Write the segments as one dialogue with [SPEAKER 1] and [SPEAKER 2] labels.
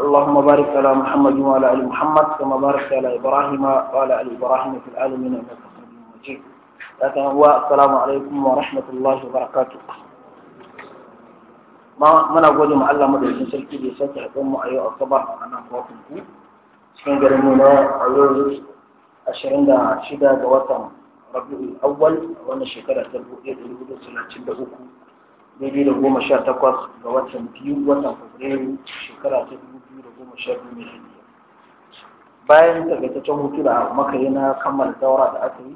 [SPEAKER 1] اللهم بارك على محمد وعلى ال محمد كما باركت على ابراهيم وعلى ال ابراهيم في العالمين انك حميد مجيد. السلام عليكم ورحمه الله وبركاته. ما من اقول ما الله مدرسه سلكي دي سلكي حكم ايو الصبر انا فوقكم فيه. شكرا لكم يا عيوز اشهرنا شدا بوطن ربيع الاول وانا شكرا لكم يا عيوز سلكي
[SPEAKER 2] دي بيدو غوما شاتاكوس
[SPEAKER 1] بوطن فيو وطن فبريو شكرا لكم bayan takaitaccen hutu da maka na kammala daura da aka yi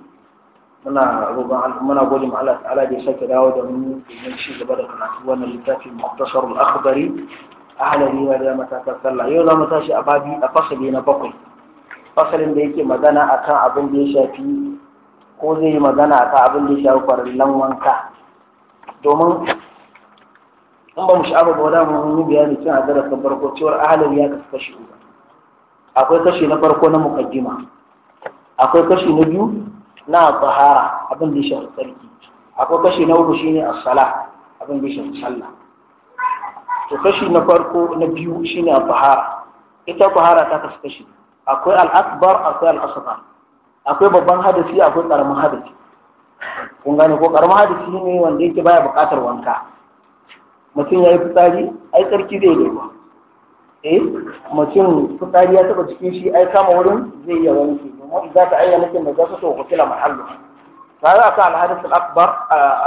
[SPEAKER 1] muna roƙon muna gode ma Allah ta'ala da sake dawo da mu domin ci gaba da karatu wannan littafin mutasar al-akhbari ahlani wa da matakar sallah yau za mu tashi a babi a fasali na bakwai fasalin da yake magana akan abin da ya shafi ko zai yi magana akan abin da ya shafi kwararren wanka domin in ba mu sha'aba ba wadda mun yi bayani cin a darasin farko cewar ahalar ya kasu kashi uku akwai kashi na farko na mukaddima akwai kashi na biyu na tsahara abin da shafi tsarki akwai kashi na uku shine a sala abin da shafi sallah to kashi na farko na biyu shine tsahara ita tsahara ta kasu kashi akwai al akwai al akwai babban hadisi akwai karamin hadisi kun gane ko ƙaramin hadisi ne wanda yake baya buƙatar wanka mutum ya yi fitsari ai tsarki zai yi ba eh mutum fitari ya taba cikin shi ai kama wurin zai yawan shi domin za ta ayyana kin da za su tsoka kila mahallu ta za ka alhadith al-akbar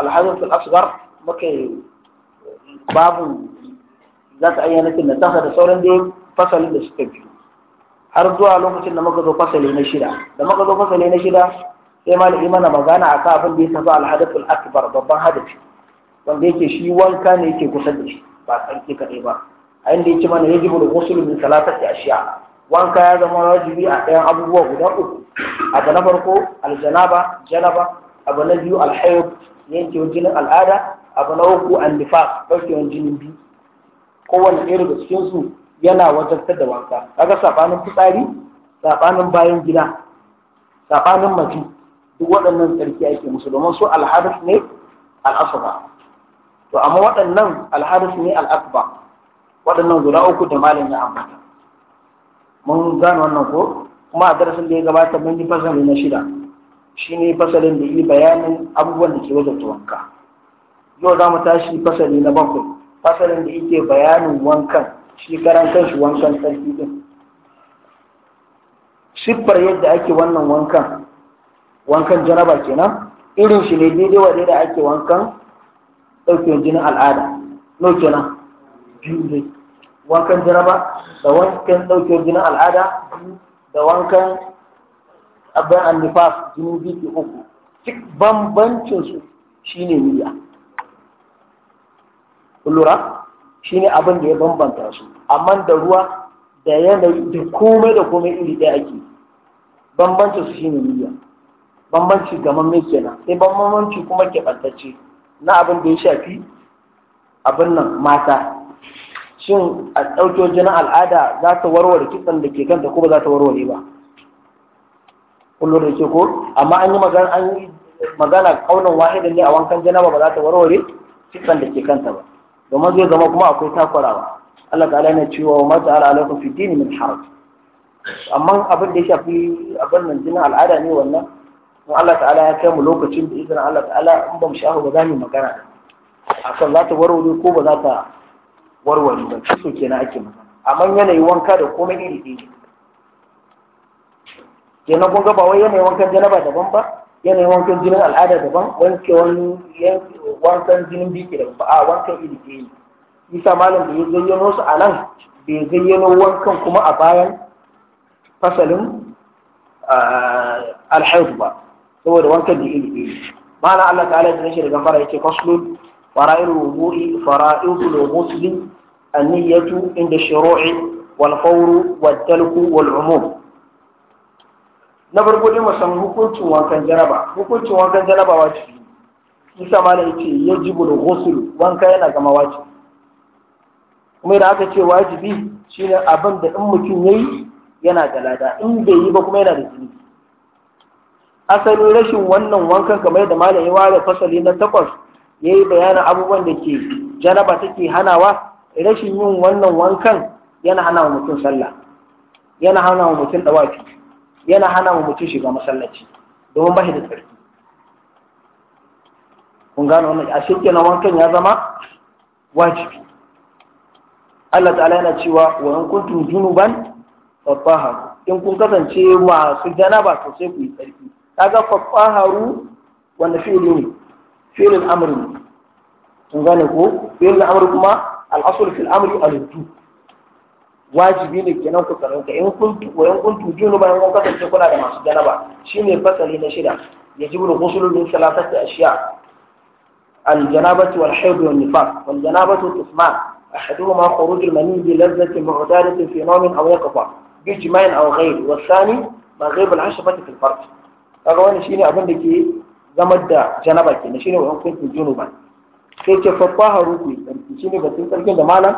[SPEAKER 1] alhadith al-asghar muke babu za ta ayyana kin da da sauran dai fasalin da suka biyu har zuwa lokacin da muka zo fasali na shida da muka zo fasali na shida sai malami mana magana akan abin da ya tafi alhadith al-akbar babban hadisi wanda yake shi wanka ne yake kusa da shi ba tsarki kaɗai ba a inda ce mana ya jibu da wasu min salatati ashiya wanka ya zama wajibi a ɗayan abubuwa guda uku abu na farko aljanaba janaba abu na biyu alhayyar yankewar jinin al'ada abu na uku annifa ɗaukewar jinin biyu kowane ɗaya cikin su yana ta da wanka kaga saɓanin fitsari saɓanin bayan gida saɓanin mafi duk waɗannan sarki ake musu su alhadis ne al'asuba to amma waɗannan alharis ne al'akba waɗannan guda uku da malin ya amma. mun gane wannan ko kuma a darasin da ya gabata mun yi fasali na shida shine fasalin da yi bayanin abubuwan da ke wajen wanka yau za mu tashi fasali na bakwai fasalin da yake bayanin wankan shi karan kanshi wankan tsarki din siffar yadda ake wannan wankan wankan jaraba kenan irin shi ne daidai wa da ake wankan ɗaukewar jinin al'ada nau na biyu ne wankan jaraba da wankan ɗaukewar jinin al'ada da wankan abin annifas jini biyu ke uku shi ne miya. niyya lura ne abin da ya bambanta su amma da ruwa da yanayi da komai da komai iri ɗaya ake shi ne niyya bambanci gaman mai kenan sai bambanci kuma keɓantacce na abin da ya shafi abin nan mata shin a ɗauko jinin al'ada za ta warware kitsan da ke kanta ko ba za ta warware ba kullum da ke ko amma an yi magana an yi magana kaunan ne a wankan janaba ba za ta warware kitsan da ke kanta ba domin zai zama kuma akwai takurawa Allah ta'ala yana cewa wa mata ala alaikum fi dini min haraj amma abin da ya shafi abin nan jinin al'ada ne wannan in Allah ta'ala ya kai mu lokacin da izinin Allah ta'ala in ba mu shafa ba za mu magana a kan za ta warware ko ba za ta warware ba kiso na ake magana amma yanayi wanka da komai iri ɗaya kenan kun ga ba wai yanayi wankan janaba daban ba yanayi wankan jinin al'ada daban wankan wankan jinin biki daban ba a wankan iri ɗaya isa malam da ya zayyano su a nan bai zayyano wankan kuma a bayan fasalin ah, alhaifu ba saboda wankan da iri iri ma'ana Allah ta'ala ya tsaye daga fara yake faslun fara'il wudu'i fara'idul muslim an-niyyatu inda shuru'i wal fawru wad talku wal umum na farko dai musan hukuncin wankan jaraba hukuncin wankan jaraba wajibi isa malam yace yajibul ghusl wanka yana gama wajibi kuma idan aka ce wajibi shine abin da in mutum yayi yana da lada in bai yi ba kuma yana da zunubi asalin rashin wannan wankan kamar da malam ya ware fasali na takwas ya yi bayanin abubuwan da ke janaba take hanawa rashin yin wannan wankan yana hana wa mutum sallah yana hana wa mutum dawafi yana hana wa mutum shiga masallaci domin ba shi da tsarki kun gano wannan a shirke na wankan ya zama wajibi Allah ta'ala yana cewa wa in kuntum junuban fattahu in kun kasance masu janaba to sai ku yi tsarki kaga fafaharu wanda fi'lin fi'lin amrin kun gane ko fi'lin amrin kuma al'asul fil amri al wajibi ne kenan ku tsaron ka in kun wa in kun bayan kun kasance kuna da masu janaba shine fasali na shida yajibu al-ghusl min salatati ashiya الجنابة والحيض والنفاق والجنابة تسمع أحدهما خروج المني بلذة معتادة في نوم أو يقظة بجماع أو غير والثاني مغيب العشبة في الفرج kaga wannan shine abin da ke zama da janaba kenan shine wa kuntum junuba sai ce fa taharu ku tsarki ba batun tsarkin da malam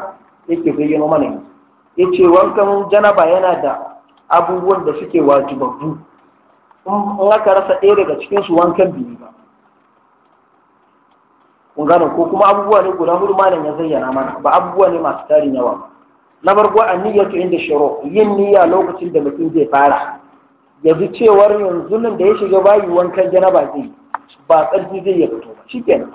[SPEAKER 1] yake bayyana mana Ya yace wankan janaba yana da abubuwan da suke wajibabbu in aka rasa ɗaya daga cikin su wankan biyu ba kun gano ko kuma abubuwa ne guda hudu malam ya zayyana mana ba abubuwa ne masu tarin yawa na farko anniyyatu inda shiro yin niyya lokacin da mutum zai fara ya ji cewar yanzu nan da ya shiga bayi wankan janaba zai ba tsarki zai ya fito shi kenan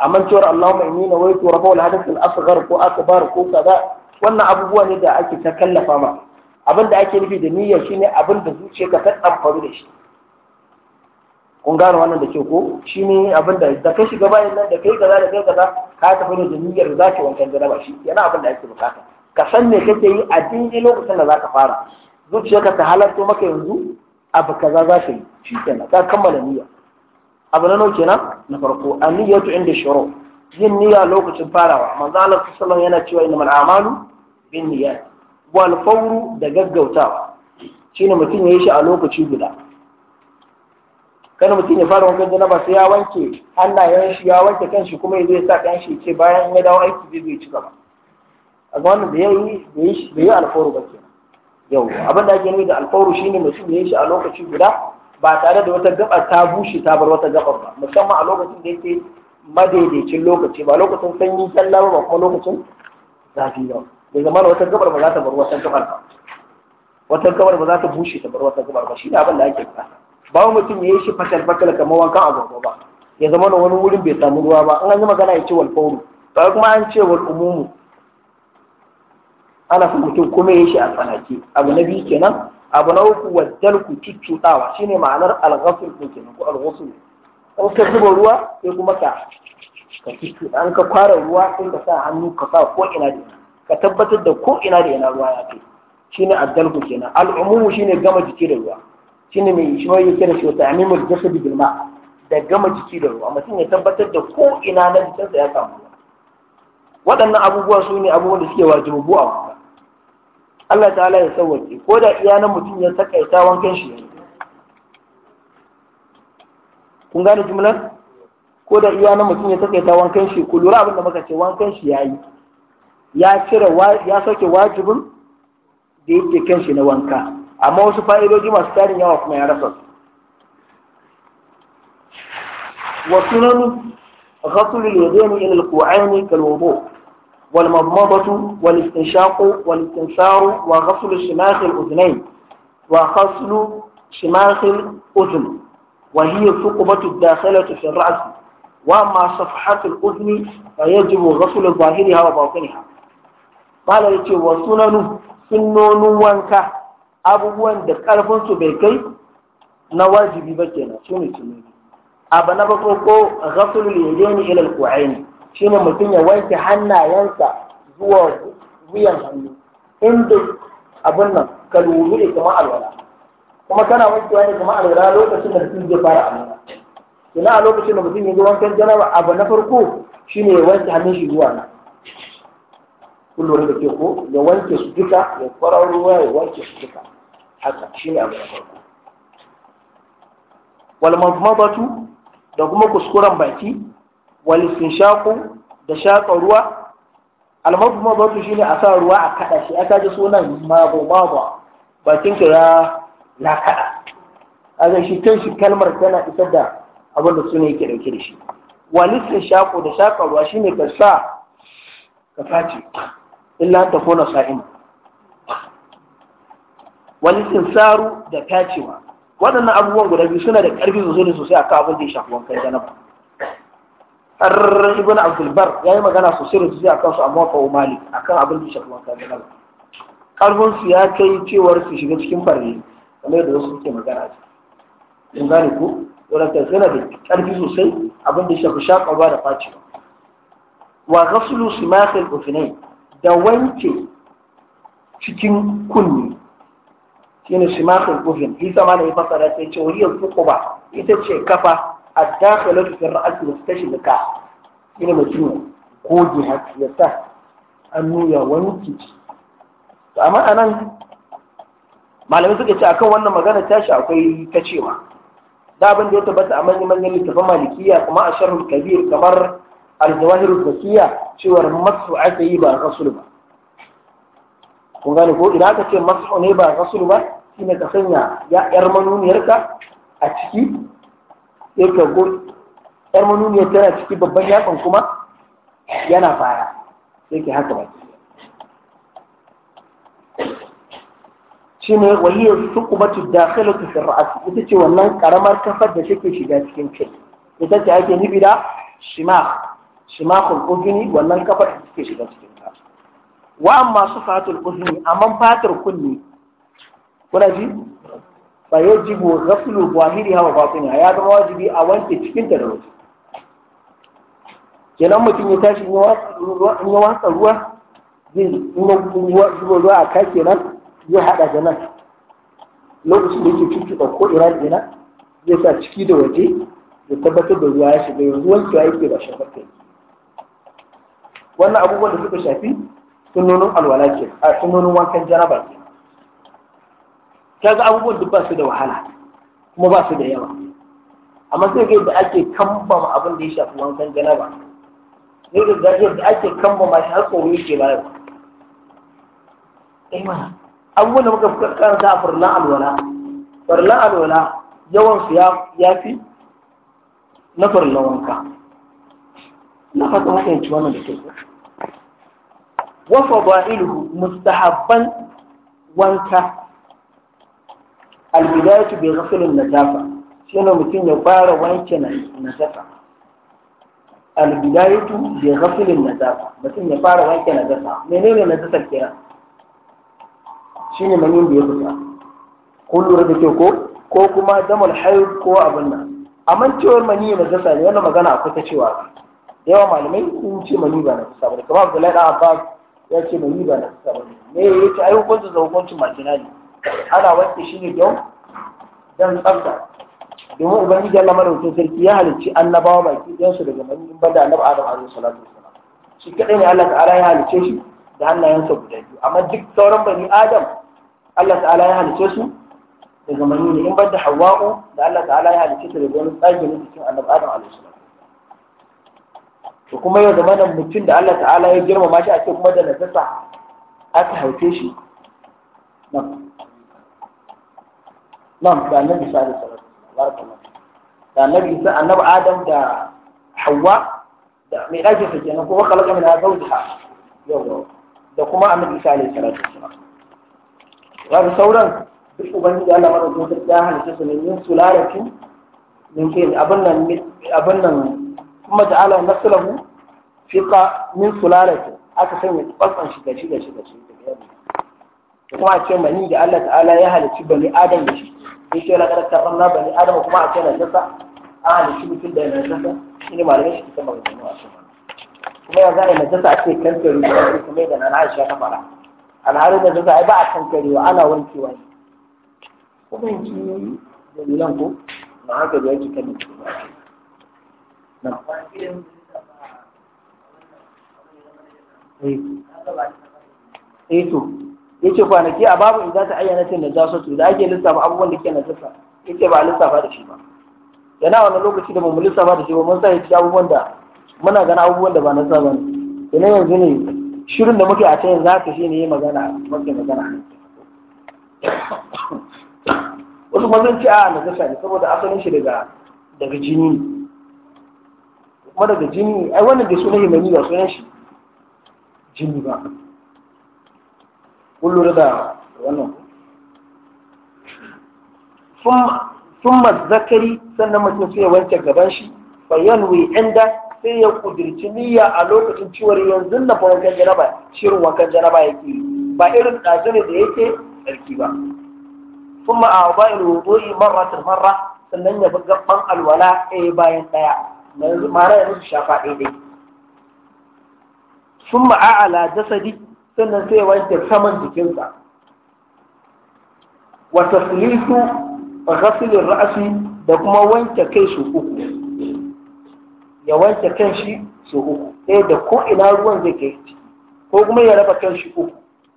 [SPEAKER 1] amma cewar Allahumma mai nuna wai wal hadath al asghar ko akbar ko kaza wannan abubuwa ne da ake ta kallafa ma abin da ake nufi da niyyar shine abin da ka ta tsamfaru da shi kun gano wannan da ke ko shi ne abin da da kai shiga bayan nan da kai kaza da kai kaza ka tafi ne da niyyar za ki wankan jaraba shi yana abin da ake bukata ka san me kake yi a cikin lokacin da za ka fara zuciyarka ta halarta maka yanzu abu kaza za ka yi shi kenan ka kammala niyya abu na nau kenan na farko aniyatu inda shuru yin niyya lokacin farawa manzo Allah sallallahu yana cewa al a'malu bin niyyat wal fawru da gaggautawa shine mutum ya shi a lokaci guda kana mutum ya fara wankan janaba sai ya wanke hannayen shi ya wanke kanshi kuma ya zai sa kanshi ce bayan ya dawo aiki zai ci gaba a ga wannan da yayi da yayi ba kenan yau abin da ake nuni da alfawar shine mutum ya yi shi a lokaci guda ba tare da wata gaba ta bushe ta bar wata gaba ba musamman a lokacin da yake madaidaicin lokaci ba lokacin sanyi sallah ba kuma lokacin zafi ba da zama wata gabar ba za ta bar wata gabar ba wata gabar ba za ta bushe ta bar wata gabar ba Shi shine abin da ake kasa. ba mutum ya yi shi fatal fatal kamar wankan agwagwa ba ya zama wani wurin bai samu ruwa ba an yi magana ya ce wal fawru ba kuma an ce wal umumu ana son mutum kuma ya shi a tsanaki abu na biyu kenan abu na uku wajen ku cuccuɗawa shine ma'anar alghafir ɗin kenan ko alghusul An ka zuba ruwa sai kuma ka ka cuccuɗa an ka kwara ruwa sai ka sa hannu ka sa ko ina da ka tabbatar da ko ina da yana ruwa ya kai shine addalku kenan al'umumu shine gama jiki da ruwa shine mai shi wani yake da shi wata amimul jasadi bil girma. da gama jiki da ruwa mutum ya tabbatar da ko ina na jikinsa ya samu waɗannan abubuwa su ne abubuwan da suke wajibu a Allah ta'ala ya sauwake ko da iya nan mutum ya takaita wankan shi yayi kun gane jimlar ko da iya nan mutum ya takaita wankan shi ku lura abin da muka ce wankan shi yayi ya cire ya sauke wajibin da yake kan shi na wanka amma wasu fa'idoji masu tarin yawa kuma ya rasa su wasu sunanu ghasulul yadaini ila al-qu'aini والمضمضة والاستنشاق والاستنثار وغسل شماخ الأذنين وغسل شماخ الأذن وهي الثقبة الداخلة في الرأس وأما صفحة الأذن فيجب غسل ظاهرها وباطنها قال يتي وسنن سنون وانكا abubuwan da ƙarfinsu bai kai na wajibi ba kenan su ne tunani abu na bako ko ghasulul yadayni ila al-qu'ayn ne mutum ya wanke hannayensa zuwa wuyan hannu inda abin nan kalwuru da kuma alwala kuma tana wanke wani kuma alwala lokacin da mutum zai fara alwala ina a lokacin da mutum ya zo wankan janaba abu na farko shi ne ya wanke hannun shi zuwa nan kullum da ke ko ya wanke su duka ya fara ruwa ya wanke su duka haka shi ne abu na farko wal mazmadatu da kuma kuskuren baki walistinshaku da shaƙa ruwa almadmadatu shine a sa ruwa a kada shi aka ji sunan mago mago bakin ka ya na kada azan shi kan shi kalmar tana isar da abin da suna yake dauke da shi walistinshaku da shaƙa ruwa shine ka sa ka face illa ta kona sa'im walistinsaru da kacewa, waɗannan abubuwan guda biyu suna da ƙarfi sosai da sosai a kan abin da ya shafi wankan janaba ibn abdul bar yi magana sosai da sosai kan su amma fa malik kan abin da shafi wata da karfin su ya kai cewar su shiga cikin farni kamar da wasu suke magana a in gane ko wadanda zina da karfi sosai abin da shafi ba da faci wa ghaslu simakhil ufinai da wanke cikin kunni shine simakhil ufin isa ma da ya fasara sai ce wuriyar ba ita ce kafa الداخل في الرأس مستشبكة إلى مجنون كوجي حتى يسه أنه يوانكي أما أنا malamai suka ce akan wannan magana tashi akwai ta cewa da abin da ya tabbata a manyan manyan littafin malikiya kuma a sharhul kabir kamar al-jawahir zakiya cewar masu aka yi ba ba kun gane ko idan aka ce masu ne ba rasul ba shine ka sanya ya yar manuniyarka a ciki yake gun yar manuniya tana ciki babban yakon kuma yana fara yake haka ba ne waliyar ta sirra fi su? ita ce wannan karamar kafar da take shiga cikin kai ita ce ake nufi da shima shimakul wannan kafar da take shiga cikin ta wa amma sufatul uzuni amma fatar kunni kuna ji fa yajibu ghaslu zahiriha hawa batiniha ya zama wajibi a wanke cikin da waje kenan mutum ya tashi in ya watsa ruwa zai in a ka kenan zai hada da nan lokacin da yake cutuka ko iran ina zai sa ciki da waje ya tabbatar da ruwa ya shiga yanzu ya yake ba shafar wannan abubuwan da suka shafi sunonin alwala ke a sunonin wankan janaba ke kaga abubuwan duk ba su da wahala kuma ba su da yawa amma sai ga yadda ake kambama abin da ya shafi wankan janaba ne da ga yadda ake kambama shi har tsoro yake bayar eh mana abubuwan da muka karanta a farlan alwala farlan alwala yawan su ya fi na farlan wanka na fata muka yanci wannan da kyau wa fadailuhu mustahabban wanka albidayatu bi ghasl najafa shine mutum ya fara wanke najasa albidayatu bi ghasl najafa mutum ya fara wanke najasa menene najasa kira shine manin da ya fita ko lura da ke ko ko kuma damar haid ko abin nan amma cewar mani najasa ne wannan magana akwai ta cewa yawa malamai sun ce mani ba najasa ba kamar Abdullahi dan Abbas ya ce mani ba najasa ba ne me yace ai hukuncin da hukuncin majina ne ana wanke shi ne don don tsafta domin ubangiji Allah madaukakin sarki ya halicci annabawa baki ɗayan su daga manyan in banda annabi Adam alaihi salatu wasalam shi kadai ne Allah ta'ala ya halicce shi da hannayensa guda biyu amma duk sauran bani Adam Allah ta'ala ya halicce su daga manyan ne in banda Hawwa'u da Allah ta'ala ya halicce su daga wani tsage na cikin annabi Adam alaihi salatu to kuma yau da da mutum da Allah ta'ala ya girmama shi a ce kuma da nafasa aka haife shi nan da annabi sallallahu alaihi wasallam barakallahu da annabi sai annabi adam da hawa da mai dakin sa kenan ko khalaqa min zawjiha yawa da kuma annabi sallallahu alaihi wasallam wani sauran duk ubangiji Allah madaukakin sarki ya halitta su ne min sulalatin min kai abin nan abin nan kuma ja'ala naslahu fiqa min sulalatin aka sanya tsatsan shiga shiga shiga shiga shi kuma a ce mani da Allah ta'ala ya halicci bani adam da shi ya ce lakar karɓar na bani adam kuma a ce na jasa an halicci mutum da na jasa shi ne malamin shi kuma magana a shi kuma ya a yi na jasa a ce kankare da shi kuma da nan aisha ta fara alhalin da jasa ai ba a wa ana wankewa ne kuma da nan ko na haka da yake kan na eh, eh to yace kwanaki a babu in za ta ayyana tin da jasatu da ake lissafa abubuwan da ke na jasa yace ba a lissafa da shi ba yana wannan lokaci da mu lissafa da shi ba mun sa yace abubuwan da muna gana abubuwan da ba na sa bane ina yanzu ne shirin da muke a can yanzu haka shine yayi magana muke magana wasu mazan ci a na jasa ne saboda asalin shi daga daga jini kuma daga jini ai wannan da sunan himaniya sunan shi jini ba kun lura da wannan sun zakari sannan mutum sai ya wanke gaban shi bayan wi inda sai ya kudirci niyya a lokacin ciwar yanzu na fa jaraba shirin wankan jaraba yake ba irin ɗazu ne da yake tsarki ba ma a bayan wudu'i marratin marra sannan ya bi gaban alwala ɗaya bayan ɗaya mara ya musu shafa ɗaya ɗaya sun ma'a'ala jasadi sannan sai wanke saman jikinsa wa taslisu wa ghasilin ra'asi da kuma wanke kai su uku ya wanke kan shi su uku ɗaya eh, da ko ina ruwan zai kai shi? ko kuma ya raba kan shi uku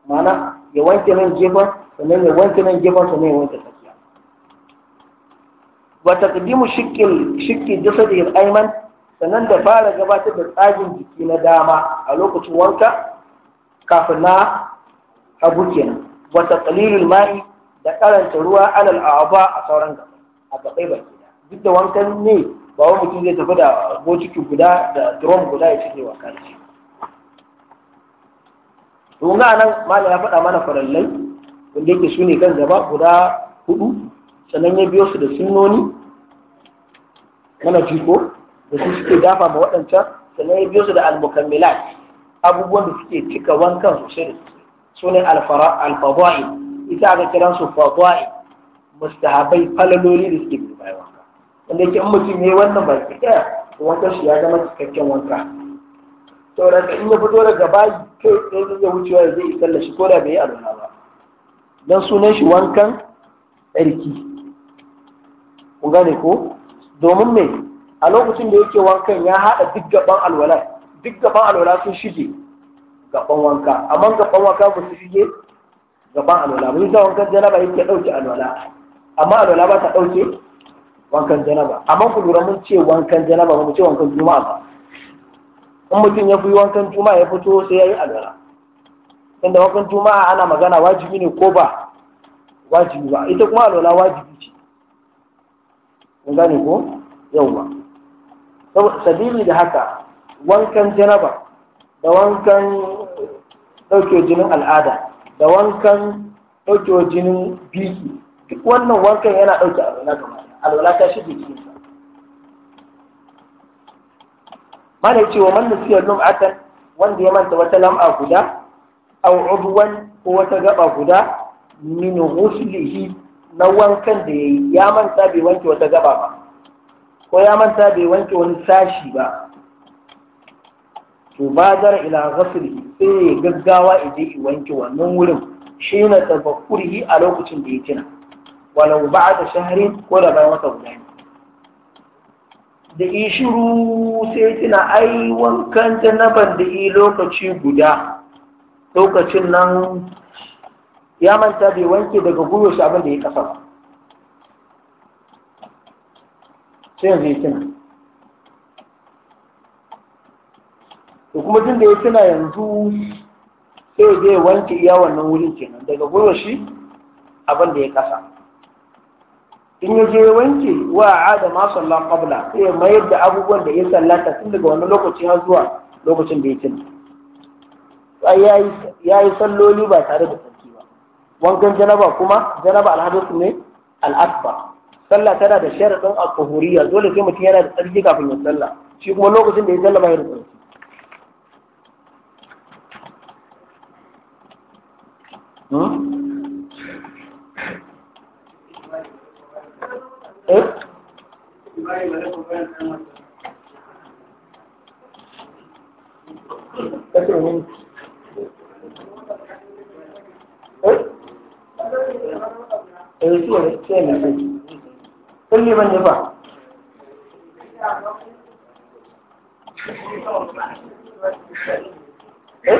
[SPEAKER 1] mana ya wanke nan gefen sannan ya wanke nan gefen sannan ya wanke tsakiya wa taqdimu shiqqil shiqqi jasadi al-ayman sannan da fara gabatar da tsagin jiki na dama a lokacin wanka kafin na hagu kenan wata qalilul ma'i da karanta ruwa alal a'aba a sauran gaba a gabai baki duk da wankan ne ba wani mutum zai tafi da bociki guda da drum guda ya cike wa kanci tunga nan malam ya faɗa mana farallai wanda yake su ne kan gaba guda hudu sannan ya biyo su da sunoni mana jiko da su suke dafa ma waɗancan sannan ya biyo su da almukammilat abubuwan da suke cika wankan sosai da sosai su ne alfada'i ita aka kiran su fada'i mustahabai falaloli da suke bi bayan wanka wanda yake mutum ya wannan ba ki ɗaya wanka shi ya zama cikakken wanka to da in ya fito daga bayi kai tsaye zai wucewa zai yi sallar shi ko da bai yi alwala ba dan sunan shi wankan tsarki ku gane ko domin me a lokacin da yake wankan ya haɗa duk gaban alwalar duk gaban alwala sun shige gaban wanka amma gaban wanka ba su shige gaban alwala mun sa wankan janaba yake dauke alwala amma alwala ba ta dauke wankan janaba amma ku lura mun ce wankan janaba ba mu ce wankan juma'a ba in mutum ya fi wankan juma'a ya fito sai ya yi alwala tunda wankan juma'a ana magana wajibi ne ko ba wajibi ba ita kuma alwala wajibi ce mun gane ko yau ba sabili da haka wankan janaba da wankan ɗauke jinin al'ada da wankan ɗauke jinin biki duk wannan wankan yana ɗauke alwala gaba alwala ta shige cikin sa mana cewa man nasiya lum'atan wanda ya manta wata lam'a guda aw udwan ko wata gaba guda min ghuslihi na wankan da yayi ya manta bai wanke wata gaba ba ko ya manta bai wanke wani sashi ba to ba dara ila ghasli sai ya gaggawa idan ya wanke wannan wurin shi na tafakkurihi a lokacin da ya tuna walau ba da shaharin ko da bayan wata guda ne da yi shiru sai tuna ai wankan janaban da yi lokaci guda lokacin nan ya manta bai wanke daga guyo shi abin da ya kasa ba sai yanzu ya tuna kuma tun da ya tuna yanzu sai zai wanke iya wannan wurin kenan daga gwiwa shi abin da ya kasa in ya je wanke wa ada ma sallan qabla sai ya mayar da abubuwan da ya sallata tun daga wannan lokaci har zuwa lokacin da ya tuna ya yi salloli ba tare da sarki ba wankan janaba kuma janaba alhadisu ne al'akbar sallah tana da sharaɗin al dole sai mutum yana da tsarki kafin ya sallah shi kuma lokacin da ya sallah ba ya da tsarki kulle ban ba eh, eh?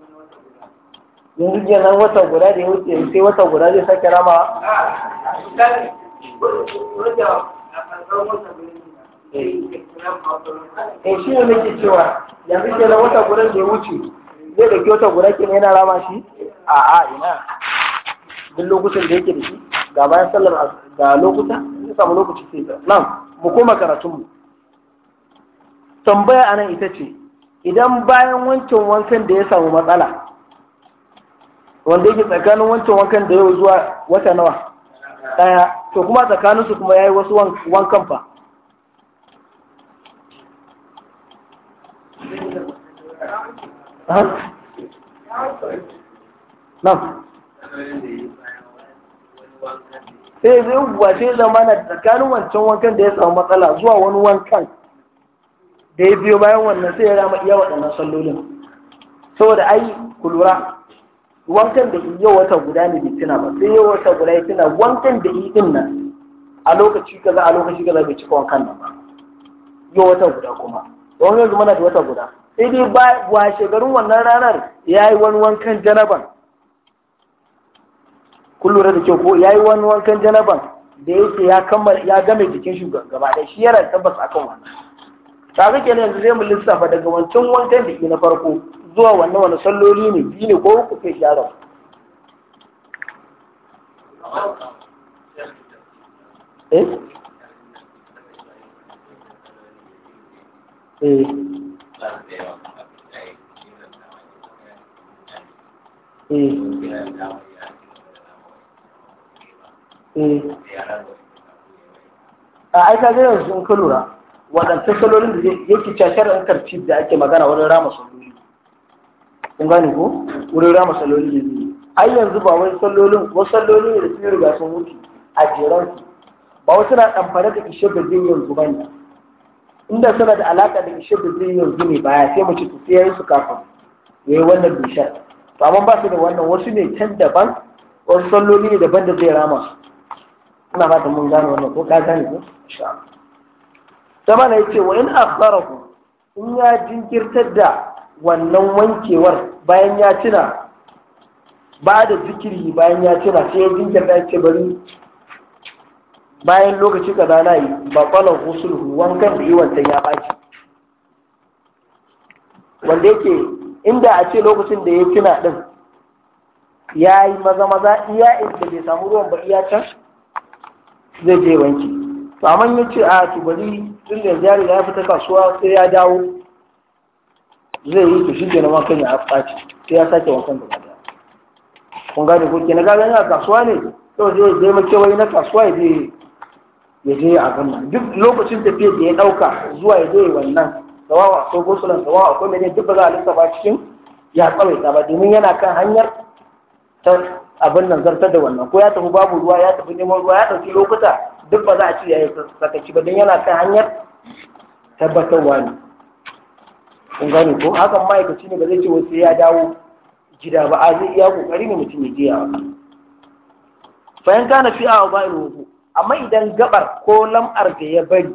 [SPEAKER 1] yanzu kenan wata guda da ya wuce sai wata guda zai sake rama eh shi ne nake cewa yanzu kenan wata guda da ya wuce zai ke wata guda ke yana rama shi a a ina duk lokutan da yake da shi ga bayan sallar ga lokuta zai samu lokaci sai ta nan mu koma karatunmu tambaya anan ita ce idan bayan wancan wankan da ya samu matsala wanda yake tsakanin wancan wankan da yau zuwa wata nawa ɗaya to kuma tsakanin su kuma yayi wasu wankan fa nan sai eh, zai wace zamana tsakanin wancan wankan da ya samu matsala zuwa wani wankan da ya biyo bayan wannan sai ya rama iya waɗannan sallolin saboda ai ku lura wankan da iya wata guda ne bai tuna ba sai yau wata guda ya tuna wankan da iya din nan a lokaci kaza a lokaci kaza bai cika wankan nan ba yau wata guda kuma da wani yanzu mana da wata guda sai dai ba wa shekarun wannan ranar ya yi wani wankan janaban kun lura da kyau ko ya yi wani wankan janaban da yake ya kammala ya game jikin shi gaba da shi yana tabbas akan wannan ta kake yanzu zai mu lissafa daga wancan wankan da ke na farko zuwa wanne wani salloli ne biyu ne ko uku kai gyara eh? Eh. eh eh a aika zai yanzu in ka lura waɗancan salolin da yake cakar an karci da ake magana wani rama saloli kun gane ko wurin rama salloli ya biyu ai yanzu ba wani sallolin ko salloli ne da sun riga sun wuce a jeran su ba wasu na ɗanfare da ishe da zai yanzu ba ne inda suna da alaƙa da ishe da zai yanzu ne baya sai mu ci su sai su kafin ya yi wannan bishar to amma ba su da wannan wasu ne can daban wasu salloli ne daban da zai rama su ina ba ta mun gane wannan ko ka gane ko insha Allah ta mana ce wa in ku? in ya jinkirtar da wannan wankewar bayan ya tuna ba da zikiri bayan ya tuna sai ya jinkirta ya ce bari bayan lokaci kaza na yi ba kwalan usul wankan da wancan ya ɓaci. wanda yake inda a ce lokacin da ya tuna din ya yi maza maza iya inda bai samu ruwan ba iya can zai je wanki to amma ya ce a tubali tun da jari ya fita kasuwa sai ya dawo zai yi to shige na wankan ya ɓaci sai ya sake wankan da daya kun gane ko ke na gane yana kasuwa ne to zai zai makewayi na kasuwa ya je ya je a gama duk lokacin tafiyar da ya ɗauka zuwa ya je wannan sawawa akwai gosulan sawawa akwai mene duk ba za a lissafa cikin ya ta ba domin yana kan hanyar ta abin nan zartar da wannan ko ya tafi babu ruwa ya tafi neman ruwa ya tafi lokuta duk ba za a ci ya yi sakaci ba don yana kan hanyar tabbatarwa ne kun gane ko hakan ma'aikaci ne ba zai ce wasu ya dawo gida ba a zai iya kokari ne mutum ya je ya wani bayan kana fi a ba wudu amma idan gabar ko lam'ar da ya bari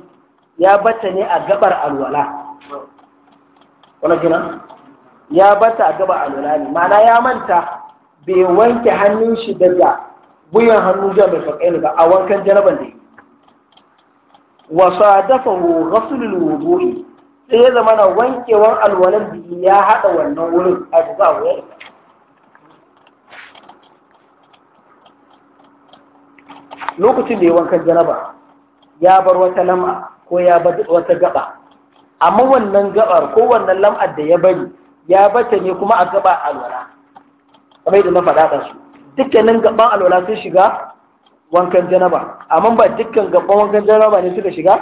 [SPEAKER 1] ya bata ne a gabar alwala wani gina ya bata a gabar alwala ne ma'ana ya manta bai wanke hannun shi daga buyan hannu zuwa mai fakai ba a wankan janaban da yi a dafa ghassulul wudu'i sai ya zama na wankewan alwalar biyu ya haɗa wannan wurin a ba wayar lokacin da ya wankan janaba ya bar wata lam'a ko ya bar wata gaba amma wannan gabar ko wannan lam'ar da ya bari ya bata ne kuma a gaba alwala kamar yadda na faɗa da su dukkanin gaban alwala sun shiga wankan janaba amma ba dukkan gaban wankan janaba ne suka shiga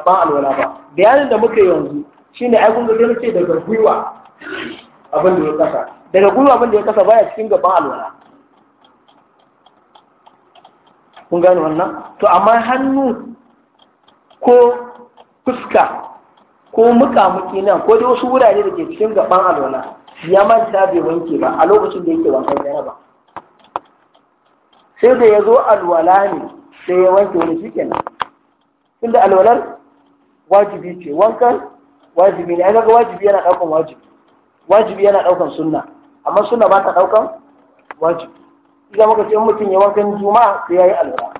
[SPEAKER 1] ba alwala ba bayanin da muka yanzu shine ai kun ga zai nace daga gwiwa abin da ya kasa daga gwiwa abin da ya kasa baya cikin gaban alwala kun gane wannan to amma hannu ko fuska ko mukamuki nan ko dai wasu wurare da ke cikin gaban alwala ya manta bai wanke ba a lokacin da yake wankan jaraba sai da ya zo alwala ne sai ya wanke wani shi kenan tunda alwalar wajibi ce wankan wajibi ne ai kaga wajibi yana daukan wajibi wajibi yana daukan sunna amma sunna ba ta daukan wajibi idan muka ce mutum ya wankan juma'a sai yayi alwala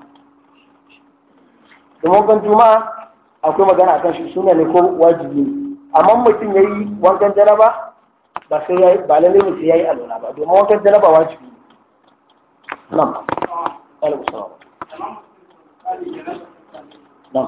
[SPEAKER 1] da wankan juma'a akwai magana akan shi sunna ne ko wajibi ne amma mutum yayi wankan janaba ba sai yayi ba lalle ne sai yayi alwala ba domin wankan janaba wajibi ne nan ba nan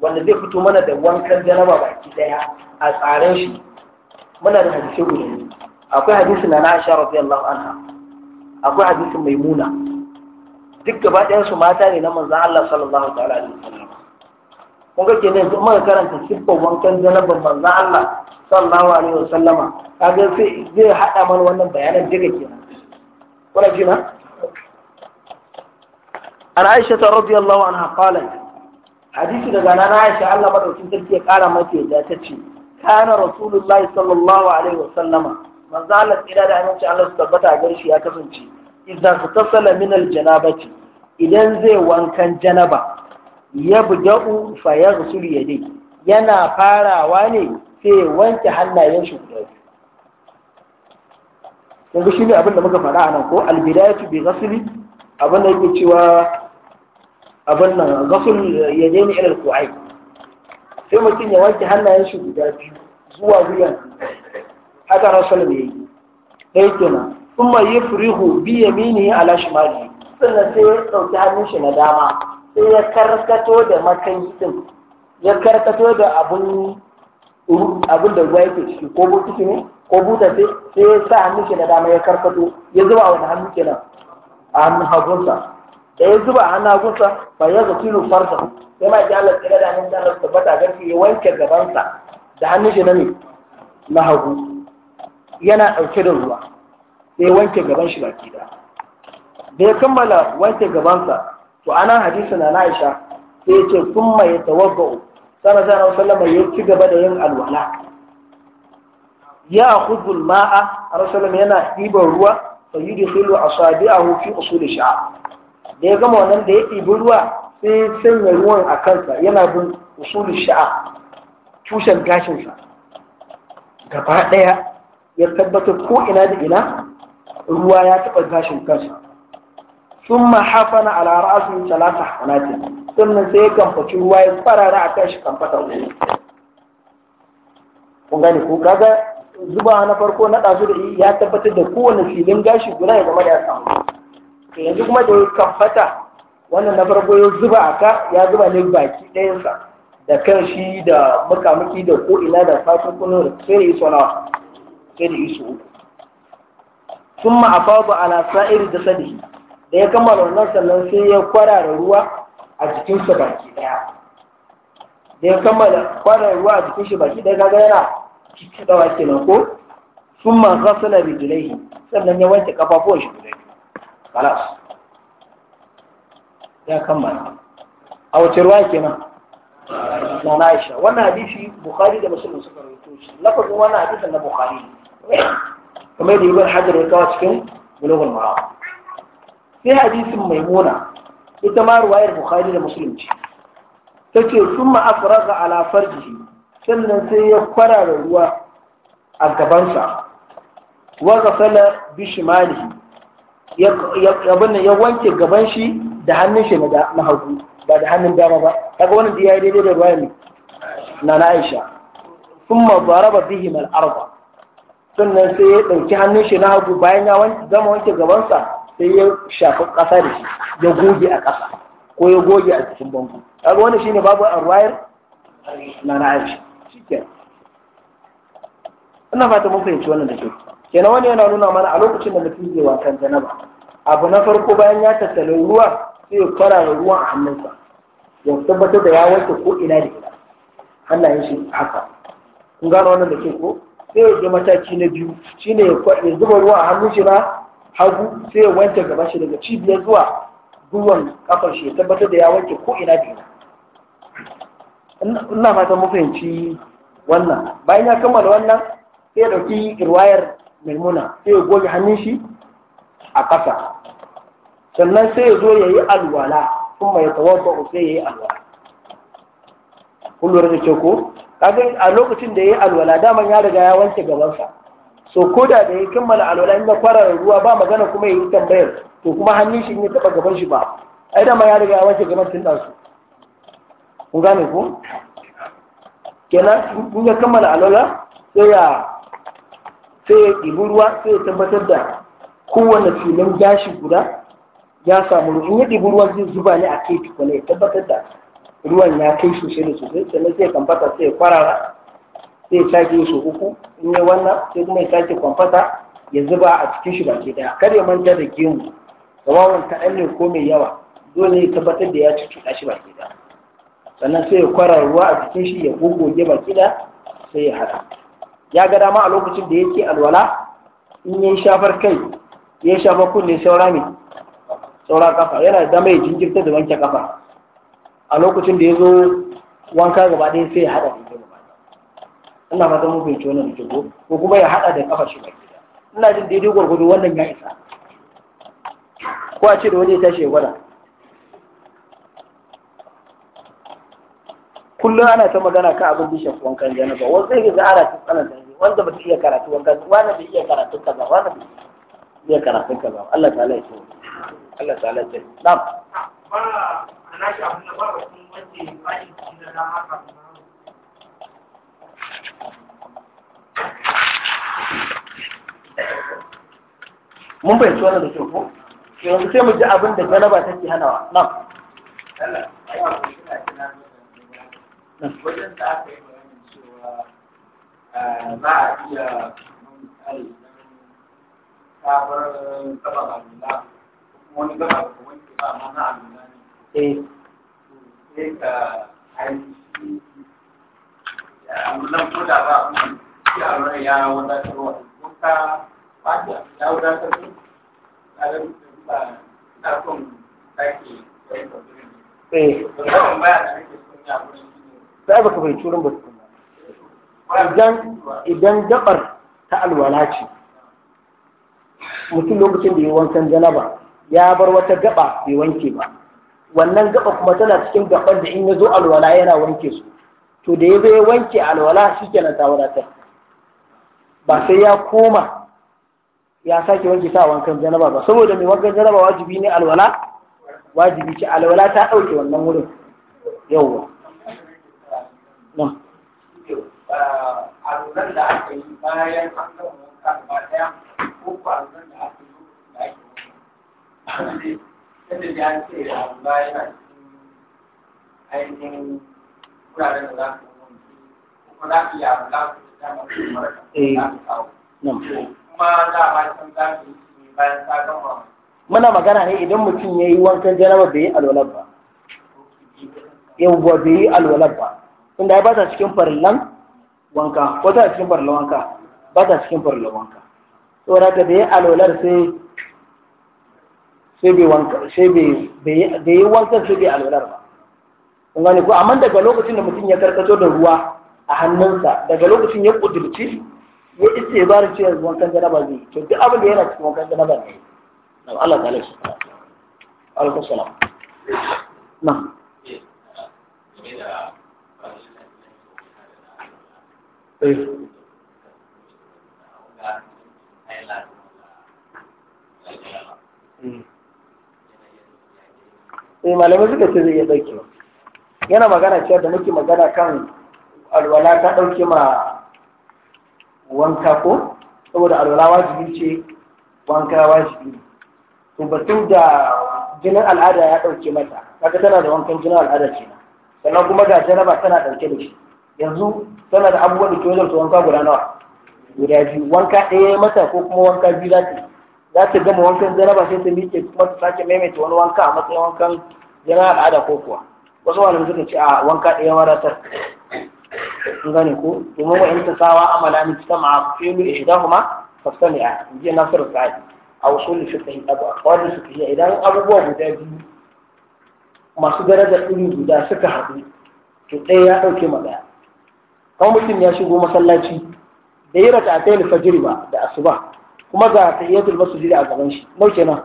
[SPEAKER 1] wanda zai fito mana da wankan janaba baki daya a tsaren shi muna da hadisi guda akwai hadisi na Aisha radiyallahu anha akwai hadisi Maimuna duk gaba ɗayan su mata ne na manzon Allah sallallahu ta'ala alaihi wasallam kun ga kenan duk muka karanta sifar wankan janaba manzon Allah sallallahu alaihi wasallama kaga sai zai hada mana wannan bayanan duka kenan kuna jina an Aisha radiyallahu anha qalat hadisi daga nana Aisha Allah madaukin sarki ya kara mata yadda ta ce kana rasulullahi sallallahu alaihi wasallama manzo Allah tsira da aminci Allah su tabbata gare shi ya kasance idan su tasala min aljanabati idan zai wankan janaba ya buja'u fa ya yadayhi yana farawa ne sai wanke hannayen shi guda yanzu shi ne abin da muka faɗa a nan ko albidayatu bi ghasli abin da yake cewa abin nan gafin ya daina ni ilal sai mutum ya wanke hannayen shi guda biyu zuwa wuyan haka rasul ne yi dai kenan kuma yi furihu biya mini ala shimali sannan sai ya ɗauki hannun shi na dama sai ya karkato da makan din ya karkato da abun abin da ruwa yake ciki ko butuki ne ko buta sai ya sa hannun shi na dama ya karkato ya zuba wani hannu kenan a hannun hagunsa da ya zuba hannagunsa ba ya zaci rufarsa sai ma ji Allah tsira da hannun Allah tabbata gaske ya wanke gabansa da hannun shi na ne na hagu yana ɗauke da ruwa sai ya wanke gaban shi baki da da ya kammala wanke gabansa to ana hadisi na Aisha sai ya ce kuma ya tawagga'u sana sana sallama ya ci gaba da yin alwala ya khudul ma'a rasulullah yana ɗiban ruwa fa yudkhilu asabi'ahu fi usul sha'a da ya gama wannan da ya ɗibi ruwa sai ya sanya ruwan a kansa yana bin usulun sha'a tushen gashinsa gaba ɗaya ya tabbatar ko ina da ina ruwa ya taɓa gashin kansa sun mahafana ala ra'asu talata hanatin sannan sai ya kamfaci ruwa ya farara a kan shi kamfata uku kun gane ko kaga zuba na farko na ɗazu da ya tabbatar da kowane filin gashi guda ya zama da ya samu ka yanzu kuma da ya kamfata wannan na farko ya zuba a ka ya zuba ne baki ɗayansa da kan shi da makamaki da ko'ina da fashin kuno da sai da iso nawa sai da iso uku sun a ba ala sa'iri da sadihi da ya kammala wannan sannan sai ya kwarara ruwa a jikinsa baki ɗaya da ya kammala kwarara ruwa a jikin shi baki ɗaya kaga yana kiɗawa kenan ko sun ma na rijlaihi sannan ya wanke kafafuwan shi guda خلاص يا كمل أو ترواية كمان na Aisha wannan hadisi Bukhari da Muslim suka rawaito shi lafazin wannan hadisin na Bukhari
[SPEAKER 2] kamar da Ibn Hajar ya kawo
[SPEAKER 1] cikin Bulughul Maram sai hadisin Maimuna ita ma ruwayar Bukhari da Muslim ce tace summa afraga ala farjihi sannan sai ya kwarara ruwa a gabansa Ruwa ga bi shimalihi ya wanke gaban shi da hannun shi na hagu ba da hannun dama ba kaga wannan da yayi daidai da ruwaya na na Aisha thumma daraba bihi mal arba sannan sai ya dauki hannun shi na hagu bayan ya wanke gama wanke gaban sa sai ya shafi kasa da shi ya goge a kasa ko ya goge a cikin bango kaga wannan shine babu arwayar na na Aisha shikenan ina fata mun fahimci wannan da ke kenan wani yana nuna mana a lokacin da mutum zai wasan janaba abu na farko bayan ya tattale ruwa sai ya kwarara ruwan a hannunsa ya tabbatar da ya wanke ko ina da ina hannayen shi haka kun gano wannan da ke ko sai ya je mataki na biyu shine ya zuba ruwa a hannun shi na hagu sai ya wanke gaba shi daga cibiyar zuwa gwiwan kafar shi ya tabbatar da ya wanke ko ina da ina ina fatan mu fahimci wannan bayan ya kammala wannan sai ya ɗauki irwayar maimuna sai ya goge hannun shi a ƙasa sannan sai ya zo ya yi alwala kuma ya tawabba sai ya yi alwala kun lura da ke ko kaga a lokacin da ya yi alwala daman ya riga ya wanke gabansa so ko da da ya kammala alwala inda kwarar ruwa ba magana kuma ya yi tambayar to kuma hannun shi ne taba gaban shi ba ai daman ya riga ya wanke gaban tun da su kun gane ko kenan kun ya kammala alwala sai ya sai ya ɗibi ruwa sai ya tabbatar da kowane filin gashi guda ya samu in yi ɗibi ruwan zai zuba ne a kai tukwane ya tabbatar da ruwan ya kai sosai da sosai sannan sai kamfata sai ya kwarara sai ya sake su uku in yi wannan sai kuma ya sake kwamfata ya zuba a cikin shi baki daya kar ya manta da gemu gawawan kaɗan ne ko mai yawa dole ya tabbatar da ya cuta shi baki daya sannan sai ya kwarara ruwa a cikin shi ya gogoge baki daya sai ya hada ya ga dama a lokacin da yake alwala in ya shafar kai ya shafar kunne saurami saura kafa yana da mai jinkirta da wanke kafa a lokacin da ya zo wanka gaba ɗaya sai ya haɗa da gaba ina fata mun fahimci wannan da ko ko kuma ya haɗa da kafa shi ba ina jin daidai gwargwado wannan ya isa ko a ce da wani ya tashi ya gwada kullum ana ta magana kan abin bishiyar wankan janaba wasu zai ga ana ta tsananta wanda ba ta iya karatu wankan wani bai iya karatu kaza wani bai iya karatu kaza Allah ta ta wani Allah ta halatta na abin da mun fahimci wannan da ke ko yanzu sai mu ji abin da galaba take hanawa na wajen da aka cewa eh, za a iya eh, wani gaba ba na ne eh ka aiki ko da ba ya ya ko ya da ba eh ba ya ya sai bai ba idan idan gabar ta alwala ce mutum lokacin da ya wankan janaba ya bar wata gaba bai wanke ba wannan gaba kuma tana cikin gaban da in ya zo alwala yana wanke su to da ya zo ya wanke alwala shi kenan ta wadatar ba sai ya koma ya sake wanke ta wankan janaba ba saboda mai wankan janaba wajibi ne alwala wajibi ce alwala ta ɗauke wannan wurin yau ba ɗaya ko ba Tunda da ya ce da abu ba yana ainihin wuraren da za su kuma za su yaro za ku su ta mafi marka za su eh. kawo. Kuma za a ba san za su yi bayan ta gama. Muna magana ne idan mutum ya yi wankan jaraba bai yi alwalar ba. Yawwa bai yi alwalar ba. Tunda ya ba ta cikin farillan wanka, ko ta cikin farillan wanka, ba ta cikin farillan wanka. Saboda ka da yi alwalar sai sai bai wanka sai bai bai yi wankan sai bai alwalar ba kun gane ko amma daga lokacin da mutum ya karkato da ruwa a hannunsa daga lokacin ya kudurci ya isa ya bari cewa wankan janaba zai to duk abin da yana cikin wankan janaba ne na Allah ta alaihi alaikum salam na sai eh, malamai suka ce zai iya ɗauke yana magana cewa da muke magana kan alwala ta ɗauke ma wanka ko saboda alwala wajibi ce wanka wajibi to batun da jinin al'ada ya ɗauke mata kaga tana da wankan jinin al'ada ce sannan kuma ga jaraba tana ɗauke da shi yanzu tana da abubuwan da ke wajen wanka guda nawa guda biyu wanka ɗaya mata ko kuma wanka biyu za ta yi za ta gama wankan jaraba sai ta miƙe kuma ta sake maimaita wani wanka a matsayin wankan jana al'ada ko kuwa wasu wani suka ce a wanka ɗaya wadatar sun gane ko domin wa'in ta sawa amala min sama filu ihdahuma fastami'a ji nasiru sa'id a usul fiqh abu aqwal fiqh idan abubuwa guda biyu masu daraja iri guda suka haɗu to ɗaya ya ɗauke ma ɗaya kan mutum ya shigo masallaci da yi raka'a ta fajiri ba da asuba kuma ga tahiyatul masjidi a gaban shi nau kenan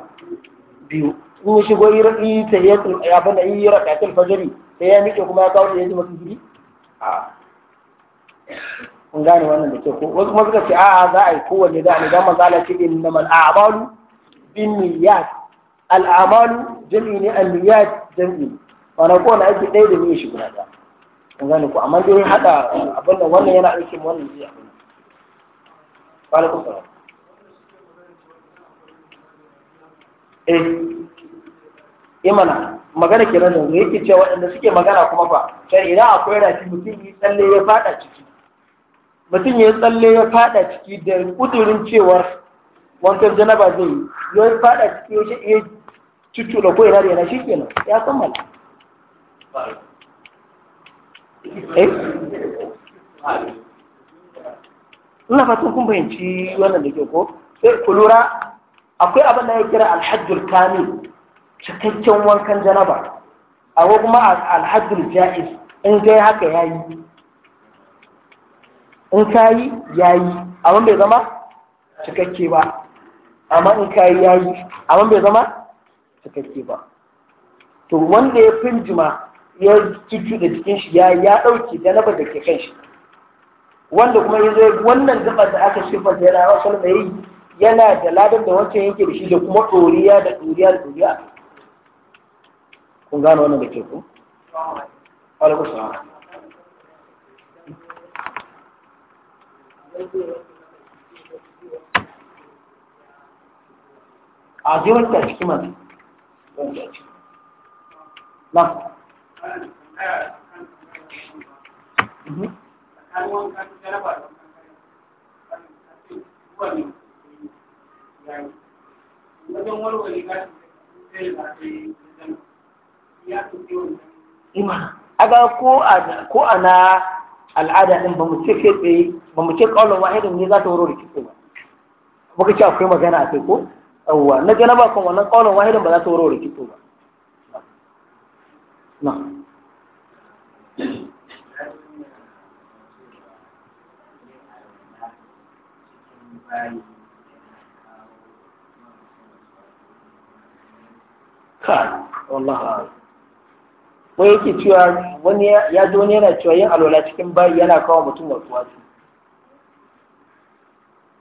[SPEAKER 1] biyu in shigo yi tahiyatul abin da yi rakatul fajri sai ya miƙe kuma ya kawo tahiyatul masjidi a kun gane wannan da ke ko wasu kuma suka ce a za a yi kowanne da ne dan manzo Allah na innamal a'malu Al-Amalu, jami'i ne niyyat jami'i wannan na aiki ɗaya da ne shi guda ɗaya kun gane ko amma dai haka abinda wannan yana aikin wannan zai abin. Wa alaikum salam. eh imana eh magana kenan da ne yake cewa waɗanda suke magana kuma fa sai idan akwai rafi mutum yi tsalle ya fada ciki mutum ya tsalle ya fada ciki da kudurin cewar wankan janaba zai yi ya fada ciki ya ce ya cucu da koyar da yana shi kenan ya kammala eh ina fatan kun fahimci wannan da ke ko sai ku lura akwai abin da ya kira alhajjul kami cikakken wankan janaba akwai kuma alhajjul ja'iz in dai haka ya yi in ka yi ya yi amma bai zama cikakke ba amma in ka yi ya yi amma bai zama cikakke ba to wanda ya finjima ya cucu da cikin shi ya ya dauki janaba da ke kan shi wanda kuma ya wannan gaba da aka shifa da yana rasu da yi yana da ladan da wancan yake da shi da kuma ɗoriya da ɗoriya da ɗoriya kun gano wannan da ke ku? a ciki na Mm-hmm. wajen ko ana al'ada din ba ba ce wahidin ne za ta waro da kitse ba ce akwai magana a kai ko yawwa na gana ba kan wannan kaulin wahidin ba za ta waro da kitse ba na Thank you. kai wallahi ko yake cewa wani ya zo ne yana cewa yin alwala cikin bayi yana kawo mutum wasuwasu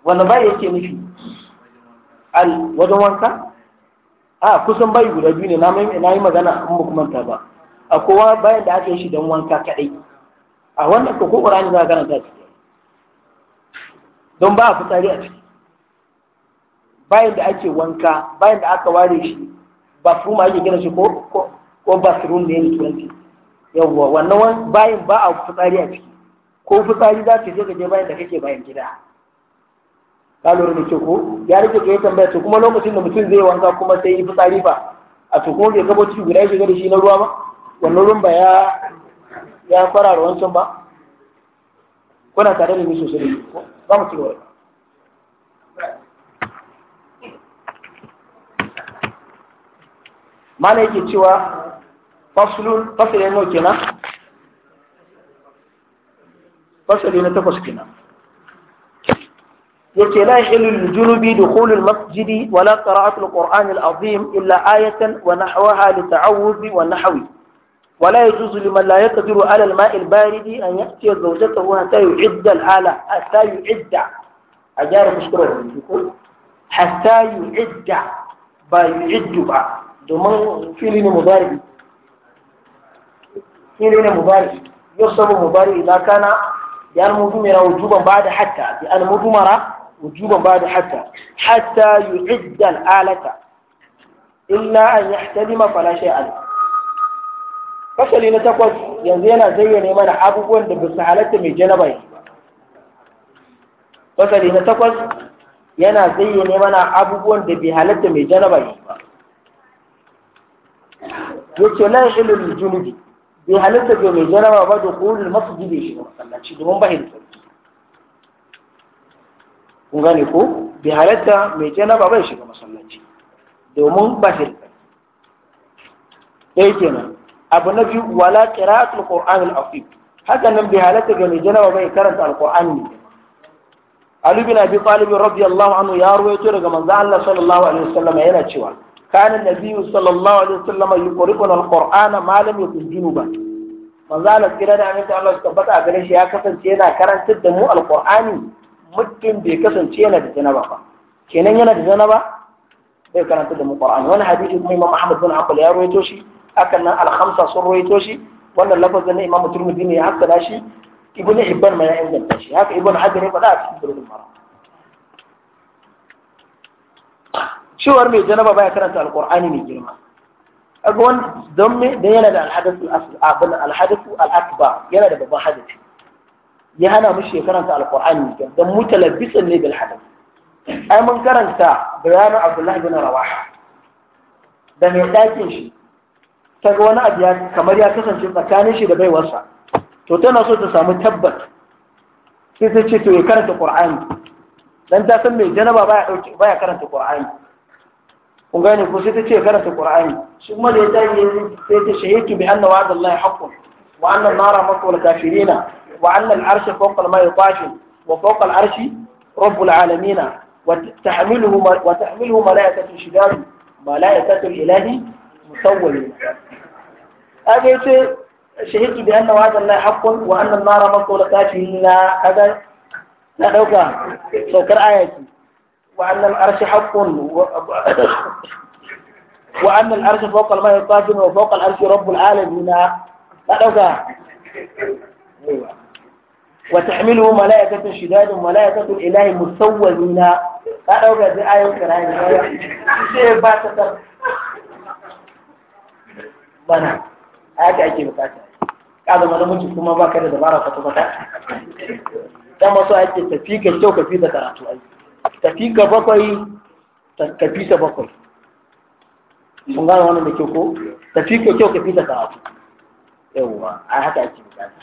[SPEAKER 1] wanda bayi yake nufi al wajen wanka a kusan bayi guda biyu ne na yi magana an ba manta ba a kowa bayan da aka yi shi don wanka kadai a wannan ko ne za a karanta shi don ba a fitsari a ciki bayan da ake wanka bayan da aka ware shi bathroom ake gina shi ko ko bathroom ne ne tuwanti yawwa wannan bayan ba a fitsari a ciki ko fitsari za su je ka je bayan da kake bayan gida ka lura da ke ko ya rike ka yi tambaya to kuma lokacin da mutum zai wanka kuma sai yi fitsari ba a to kuma bai gabo ciki guda ya shiga da shi na ruwa ba wannan ruwan ba ya ya kwarara wancan ba kuna tare da ni sosai ba mu ci gaba mana yake cewa fasulun fasulun yau kenan fasulun na takwas kenan yake la yahillu lil-junubi dukhul al-masjid wa la qira'atu al-qur'an al-azim illa ayatan wa nahwaha li ta'awudh wa nahwi wa la yajuzu liman la yaqdiru 'ala al-ma'i al-baridi an ya'ti zawjatahu hatta yu'idda al-hala hatta yu'idda ajara mushkuru hatta yu'idda ba yu'iddu domin fili ne mubari fili ne mubari yusabu mubari idan kana ya mutu mera wujuban da hatta bi al-mudmara wujuban da hatta hatta yu'idda al alaka illa an yahtadima fala shay'a fasali na takwas yanzu yana zayyane mana abubuwan da bisa halatta mai janaba yi fasali na takwas yana zayyane mana abubuwan da bai halatta mai janaba yi ba yake la ilul junubi bai halitta ga mai janaba ba da kulul masjid bai shiga masallaci domin ba hin sarki kun gane ko bai halitta mai janaba ba shiga masallaci domin ba hin sarki dai kenan abu na biyu wala qira'atul qur'an al-afif haka nan bai halitta ga mai janaba ba karanta al-qur'ani ne Ali bin Abi Talib radiyallahu anhu ya ruwaito daga manzo Allah sallallahu alaihi wasallam yana cewa kana nabiyyu sallallahu alaihi wasallam yuqri'una alqur'ana ma lam yakun junuba manzo Allah da annabi Allah tabbata a gare shi ya kasance yana karantar da mu alqur'ani muddin bai kasance yana da janaba ba kenan yana da janaba bai karantar da mu qur'ani wani hadisi kuma Imam bin Hanbal ya rawaito shi akan sun rawaito shi wannan lafazin na Imam Turmudi ne ya hassana shi Ibn Hibban ma ya inganta shi haka Ibn Hajar faɗa a cikin Bulugh al cewar mai janaba baya karanta alqur'ani mai girma kaga wanda don me dan yana da alhadathu abin alhadathu al-akbar yana da babban hadisi ya hana mu shi karanta alqur'ani mai girma dan mutalabbisan ne bil hadath ai mun karanta bayanin abdullahi bin rawaha da mai dakin shi ta wani abu ya kamar ya kasance tsakanin shi da baiwarsa to tana so ta samu tabbat sai ta ce to ya karanta qur'ani dan ta san mai janaba baya baya karanta qur'ani kun gane ko sai ta ce karanta qur'ani shi kuma da ya tashi sai ta shahidu bi anna wa'ada allahi haqqun wa anna an-nara maqwal kafirina wa anna al arshi rabbul alamin wa tahmiluhu wa tahmiluhu malaikatu shidad malaikatu ilahi saukar وأن الأرش حق وأن الأرش فوق الماء الطاجم وفوق الأرش رب العالمين لا دوكا وتحمله ملائكة شداد وملائكة الإله مسومين لا دوكا زي آية كرائم شيء باتة بنا هكا أجيب كاتا هذا ما نمشي كما باكر دبارة فتبتا كما سوى أجيب تفيك الشوكة في ذكرات أجيب tafi ga bakwai tafi ta bakwai sun gane wannan da kyau ko tafi ko kyau ka ta ta karatu yawwa a haka ake bukata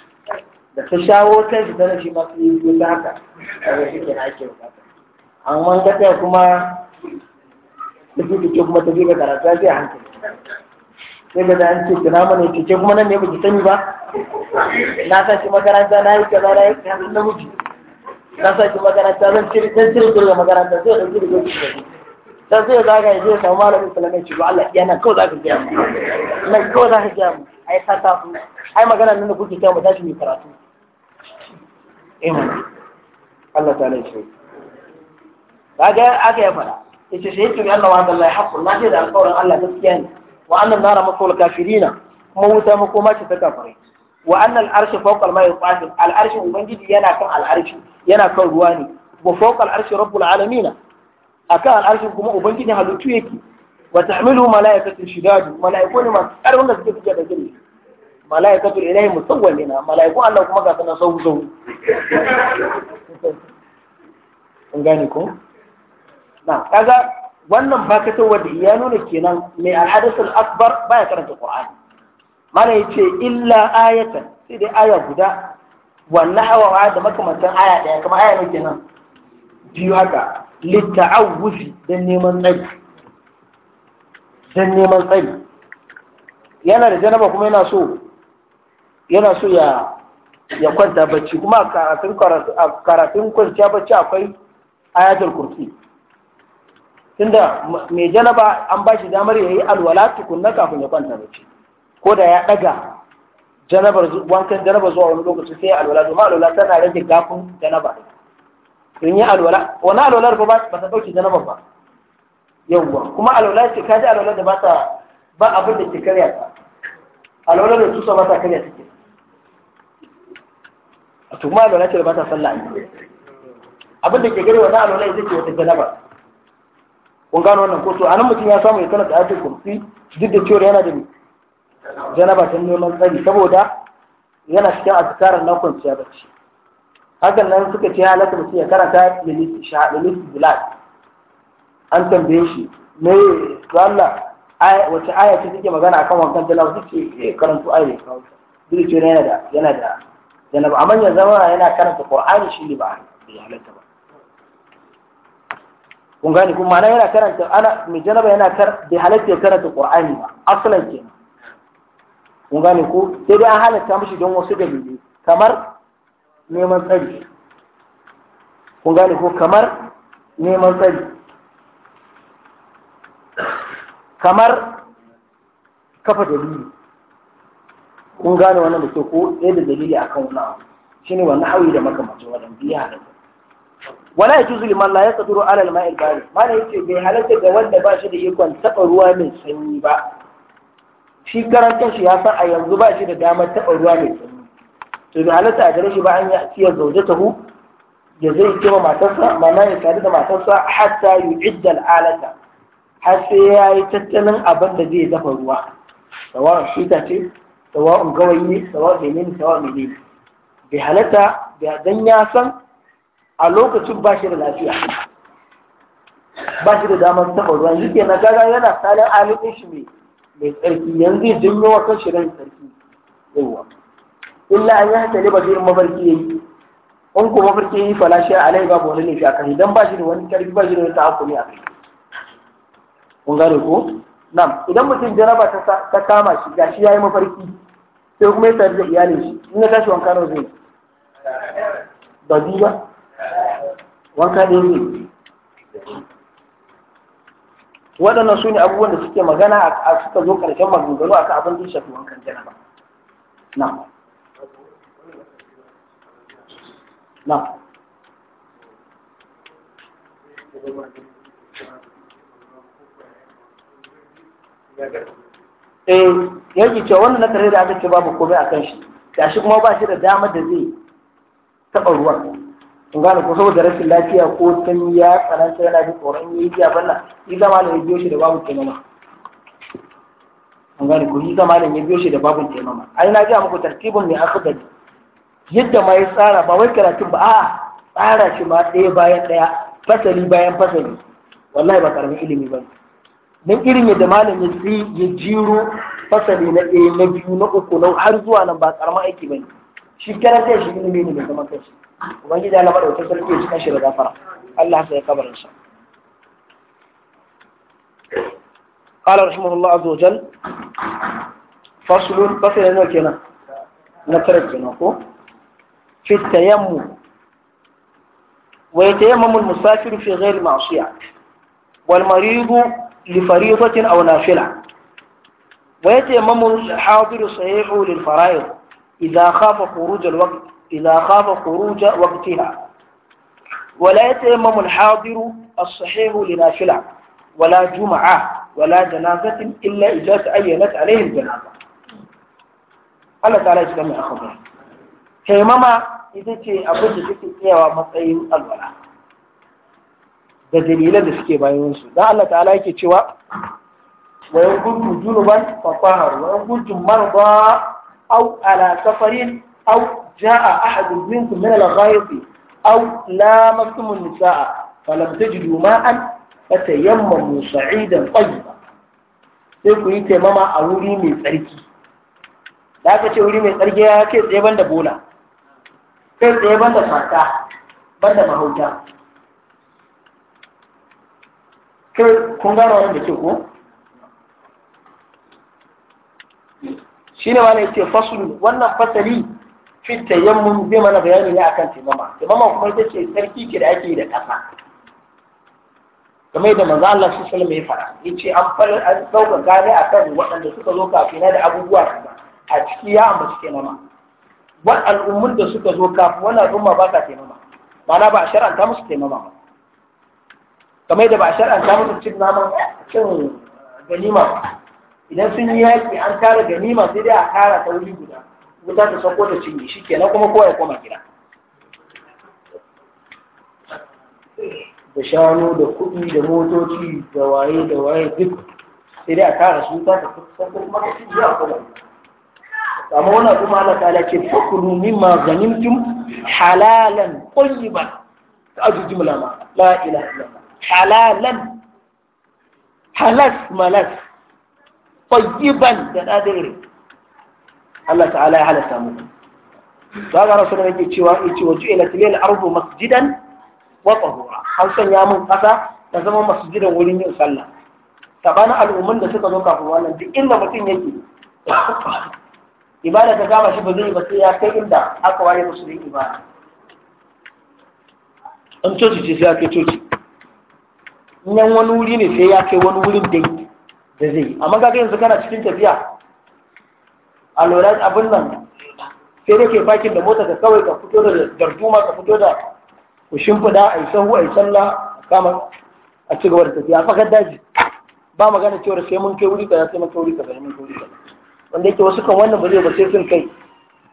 [SPEAKER 1] da ta shawo kai su tana shi ma su yi ta haka a wasu ke na ake bukata amma ka tsaya kuma tafi ka kyau kuma ta ka karatu zai hankali sai ga an ce tana mana ce kuma nan ne ba ki sani ba na shi makaranta na yi kaza na yi kaza na wuce لا سيدي ما قال أنت من كذي تنزل كل ما قال أنت زوج كذي كذي تنزل ذاك يجي سامالك يسلمك شو الله يانا كذا كذي أنا كذا كذي أنا أي ساتا أي ما قال أنت من كذي تام وتجمي كراتو إيه ما الله تعالى شو ذاك أكيد فلا إيش شيء تقول الله عز وجل حق الله جل الله الله تسكين وأنا النار مقول كافرين موتا مقوماتي تكفرين wa annal arshi fawqa al-ma'i al-arshi ubangiji yana kan al-arshi yana kan ruwa ne wa fawqa al-arshi rabbul alamin akan al-arshi kuma ubangiji halittu yake wa tahmilu malaikatu shidad malaiku ne masu karfin da suke fice da gari malaikatu ilahi musawwamina malaiku Allah kuma ga sanan sau sau kun gane ko na kaga wannan bakatar wadda ya nuna kenan mai al-hadathul akbar baya karanta qur'ani mana ya ce illa ayatan sai dai aya guda wannan hawawa da makamantan aya ɗaya kama aya ne kenan biyu haka litta'awuzi don neman tsari don neman tsari yana da janaba kuma yana so yana so ya ya kwanta bacci kuma a karatun karatun kwanciya bacci akwai ayatul kursi tunda mai janaba an ba shi damar ya yi alwala tukunna kafin ya kwanta bacci ko da ya ɗaga janabar wankan janaba zuwa wani lokaci sai alwala domin alwala tana rage gafin janaba in yi alwala wani alwala ba ba ta ɗauki janaba ba yawwa kuma alwala ce kaji alwala da ba ta ba abin da ke karya ta alwala da tusa ba ta karya ke a tuma alwala ce da ba ta sallah abin da ke gari wani alwala ya zai wata janaba kun gano wannan ko to anan mutum ya samu ya kana da ayatul kursi duk da cewa yana da janaba ta neman tsari saboda yana cikin azkarar na kwanciya bacci hakan nan suka ce halatta mutum ya karanta lilis shahadalis bilal an tambaye shi me Allah wace aya ce take magana akan wankan talawa suke ke eh, karanta aya ne kawo duk ce yana da yana da janaba amma ya zama yana karanta qur'ani shi ne ba ya halatta ba kun gane kuma ana yana karanta ana mai janaba yana kar bai halatta ya karanta qur'ani ba asalan kenan kun gane ko sai dai an halatta mishi don wasu dalilai kamar neman tsari kun gane ko kamar neman tsari kamar kafa dalili kun gane wannan da ke ko ɗaya da dalili kan wani shi ne wani hawi da makamacin wannan biya da wala ya juzu liman la ya tsaduru alal ma'il bari mana yake bai halatta ga wanda ba shi da ikon taɓa ruwa mai sanyi ba shi karan shi ya san a yanzu ba shi da damar taɓa ruwa mai tsanani to da halatta a gare shi ba an yi asiya ta hu ya zai kima matarsa mana ya sadu da matarsa hatta yu'idda alata har sai ya yi tattalin abin da zai dafa ruwa sawa'un shita ce a gawayi ne sawa'un a sawa'un ne bai halatta dan ya san a lokacin ba shi da lafiya ba shi da damar taɓa ruwa shi ke na gaga yana salin alifin shi mai mai tsarki yanzu ya janyo wata shirin tsarki yawa illa an yi haka ne ba zai mafarki yi in ko mafarki yi fala a alai babu wani ne a kan idan ba shi da wani karfi ba shi da wani ne a kai kun gane ko idan mutum jaraba ta kama shi gashi yi mafarki sai kuma ya tare da iyalin shi in ya tashi wanka na zai ba ba wanka ne zai waɗannan su ne abubuwan da suke magana a suka zo ƙarshen maganganu a abin da shafi wankan janaba na na eh yake cewa wannan na tare da aka ce babu komai a kan shi shi kuma ba shi da dama da zai taɓa ruwan in gane ko saboda rashin lafiya ko tun ya tsananta yana da tsoron yi ya banna yi zama da ya biyo shi da babu taimama an gane ko yi zama da ya biyo shi da babu taimama ai na ji muku tartibin ne aka gani yadda ma ya tsara ba wai karatun ba a'a tsara shi ma ɗaya bayan ɗaya fasali bayan fasali wallahi ba karamin ilimi ba don irin da malam ya ya jiro fasali na ɗaya na biyu na uku na har zuwa nan ba karamin aiki ba ne قال رحمه الله عز وجل فصل فصل هنا كنا نترك نقول في التيمم ويتيمم المسافر في غير معصية والمريض لفريضة أو نافلة ويتيمم الحاضر صحيح للفرائض idan khafa khuruja waqtiha wala yatayammamul hadiru as-sahihu linafila wala jum'a wala janazatin illa idza ta'ayyanat alayhi janaza Allah ta'ala ya kama akhu kai mama idan ce abu da kike iyawa matsayin alwala da dalilan da suke bayan su dan Allah ta'ala yake cewa wa yakuntu junuban fa fahar wa yakuntu marda أو على سفر أو جاء أحد منكم من الغائط أو لامستم النساء فلم تجدوا ماء فتيمموا صعيدا طيبا sai ku yi taimama a wuri mai tsarki da aka ce wuri mai tsarki ya kai tsaye banda bola kai tsaye banda fata banda mahauta kai kun gano wani da ke ko shine wani yake fasul wannan fasali fi tayammun zai mana bayani ne akan taimama taimama kuma ita ce sarki ke da ake yi da ƙasa game da manzo Allah su sallama ya fara yace an fara an dauka gane akan waɗanda suka zo kafina da abubuwa a ciki ya ambaci nama. wa al'ummun da suka zo kafin wannan al'umma ba ka taimama mana ba a shar'anta musu taimama ba kamar da ba a shar'anta musu cin naman cin ganima ba idan sun yi yaƙi an tara ganima sai dai a kara ta wuri guda za ta sauko ta cinye shi kenan kuma kowa ya koma gida da shanu da kuɗi da motoci da waye da waye duk sai dai a kara su wuta ta sauko kuma ta cinye a koma amma wannan kuma Allah ta'ala ce fakulu mimma ganimtum halalan qayyiban ta aji jimla ma la ilaha illallah halalan halas malas tayyiban da rai Allah ta'ala ya halatta muku ba ga rasulun yake cewa yace wa ju'ilat lil ardu masjidan wa tahura an sanya mun kasa ta zama masjidan wurin yin sallah tabana al'umman da suka zo kafin wannan duk inda mutum yake ibada ta gama shi ba zai ba sai ya kai inda aka ba musu da ibada An coci ce sai ya kai coci in yan wani wuri ne sai ya kai wani wurin dai da zai yi amma kaga yanzu kana cikin tafiya a lura abin nan sai da ke fakin da mota ka kawai ka fito da darduma ka fito da kushin fuda a yi sahu a yi sallah kama a ci gaba da tafiya a fakar daji ba magana cewar sai mun kai wuri kaza sai mun kai wuri kaza mun kai wuri kaza wanda yake wasu kan wannan ba zai ba sai sun kai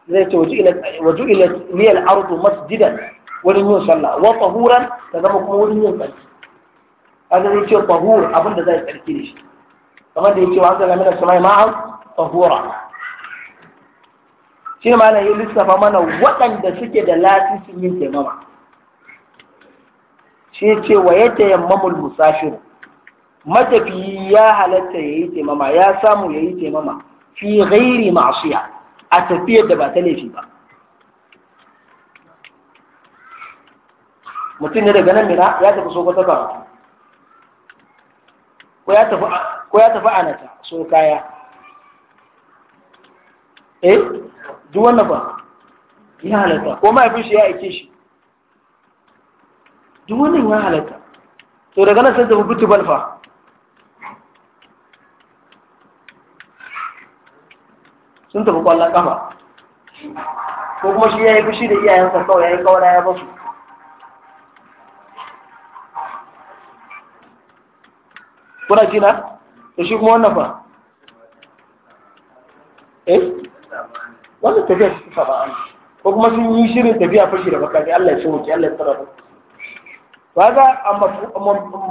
[SPEAKER 1] zai ce waju ila niyal ardu masjidan wurin yin sallah wa tahuran ta zama kuma wurin yin tsarki a zai ce tahur abin da zai tsarki da shi kamar da yake wasa game da samai ma'an tahura shi ma na yi lissafa mana waɗanda suke da lasisin yin taimama shi ce wa ya tayammamul musafir matafiyi ya halatta ya yi taimama ya samu ya yi taimama fi ghairi ma'asiya a tafiyar da ba ta laifi ba mutum ne daga nan mina ya tafi so kwata ko ya tafi ko ya tafi nata so kaya eh duk wannan ba ya halatta ko mahaifin shi ya aike shi duk wannan ya halatta to daga nan sai da bubutu balfa sun tafi kwallon kafa ko kuma shi ya yi fushi da iyayensa kawai ya yi kawai ya basu kuna jina? na to shi kuma wannan fa eh wannan tafiya su suka ba an ko kuma sun yi shirin tafiya fashi da makami Allah ya so ki Allah ya tsara ba ba ga a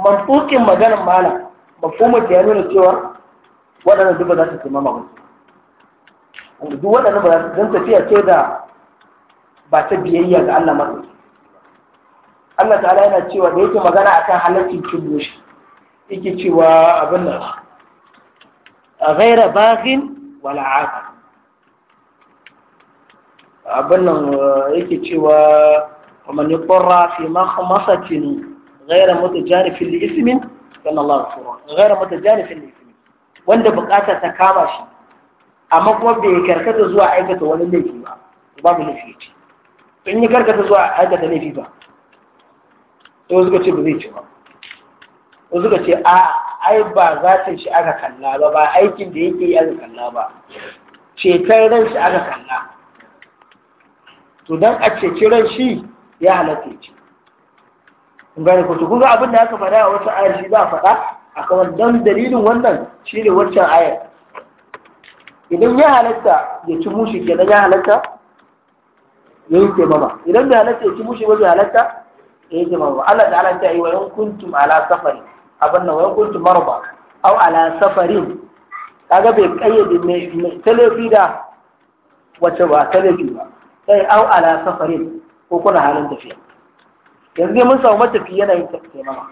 [SPEAKER 1] mantukin maganar malam mafhumar ta ya nuna cewa waɗannan duk ba za su taimama ba wanda duk waɗannan ba za su don tafiya ce da ba ta biyayya ga Allah masu Allah ta'ala yana cewa da yake magana akan halaccin cin doshi yake cewa abin nan غير باغ wala aqil abin nan yake cewa ومن يضطر في مخمصة غير متجانف لإثم فإن الله غفور غير isimin. Wanda وند ta تكاما shi. amma kuma bai karkata zuwa aikata wani laifi ba babu laifi ce in yi karkata zuwa aikata laifi ba to suka ce ba zai ce ba suka ce a ai ba za ta shi aka kalla ba ba aikin da yake yi aka kalla ba cetar ran shi aka kalla to don a ceci ran shi ya halatta ce kun gane ko kun ga abin da aka faɗa a wata ayar shi za a faɗa a kamar don dalilin wannan shi ne waccan ayar idan ya halatta ya ci mushi kenan ya halatta ya yi mama idan bai halatta ya ci mushi ba bai halatta ya yi mama Allah halatta ta yi wa yankuntum ala safari abin nan wai kuntu marba au ala safarin kaga bai kayyade mai talafi da wace ba talafi ba sai au ala safarin ko kuna halin tafiya yanzu mun samu matafi yana yin tafiya mama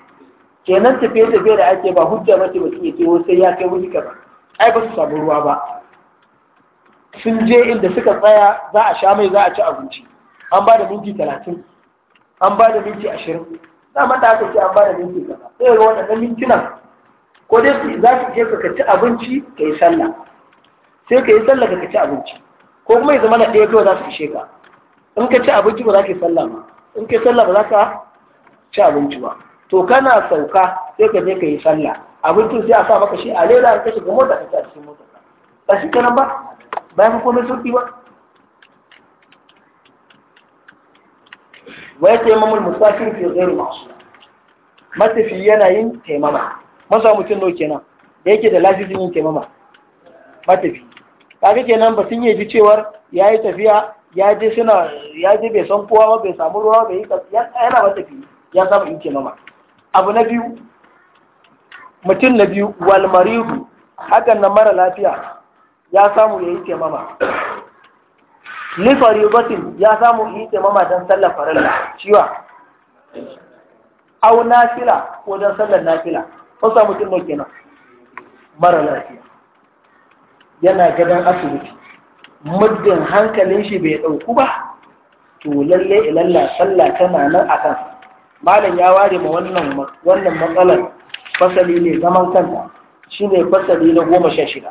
[SPEAKER 1] kenan tafiye tafiye da ake ba hujja mace mutum ya kewo sai ya kai wuri kaza ai ba su samu ruwa ba sun je inda suka tsaya za a sha mai za a ci abinci an ba da minti talatin an ba da minti ashirin dama da aka ce an bada minti kaza sai ga wannan mintunan ko dai su za su je ka ci abinci ka yi sallah sai ka yi sallah ka ci abinci ko kuma ya zama na ɗaya kawai za su ishe ka in ka ci abinci ba za ka yi sallah ba in ka yi sallah ba za ka ci abinci ba to kana sauka sai ka je ka yi sallah abincin sai a sa maka shi a lela ka shiga mota ka ci a cikin mota ba shi kenan ba bayan komai sauki ba wa ya taimama musafir fi ghairu ma'sum matafi yana yin taimama masa mutum nau kenan da yake da lafizin yin taimama matafi kaga kenan ba sun yi cewar ya yi tafiya ya je suna ya je bai san kowa ba bai samu ruwa bai yi yana matafi ya samu yin taimama abu na biyu mutum na biyu wal maridu hakan na mara lafiya ya samu ya yi taimama li batin ya samu yi taimama don sallar farilla ciwa au nafila ko don sallar nafila ko samu mutum kenan mara lafiya yana gadon asibiti muddin hankalin shi bai ɗauku ba to lalle ilalla sallah tana nan a kan malam ya ware ma wannan matsalar fasali ne zaman kanta shine fasali na goma sha shida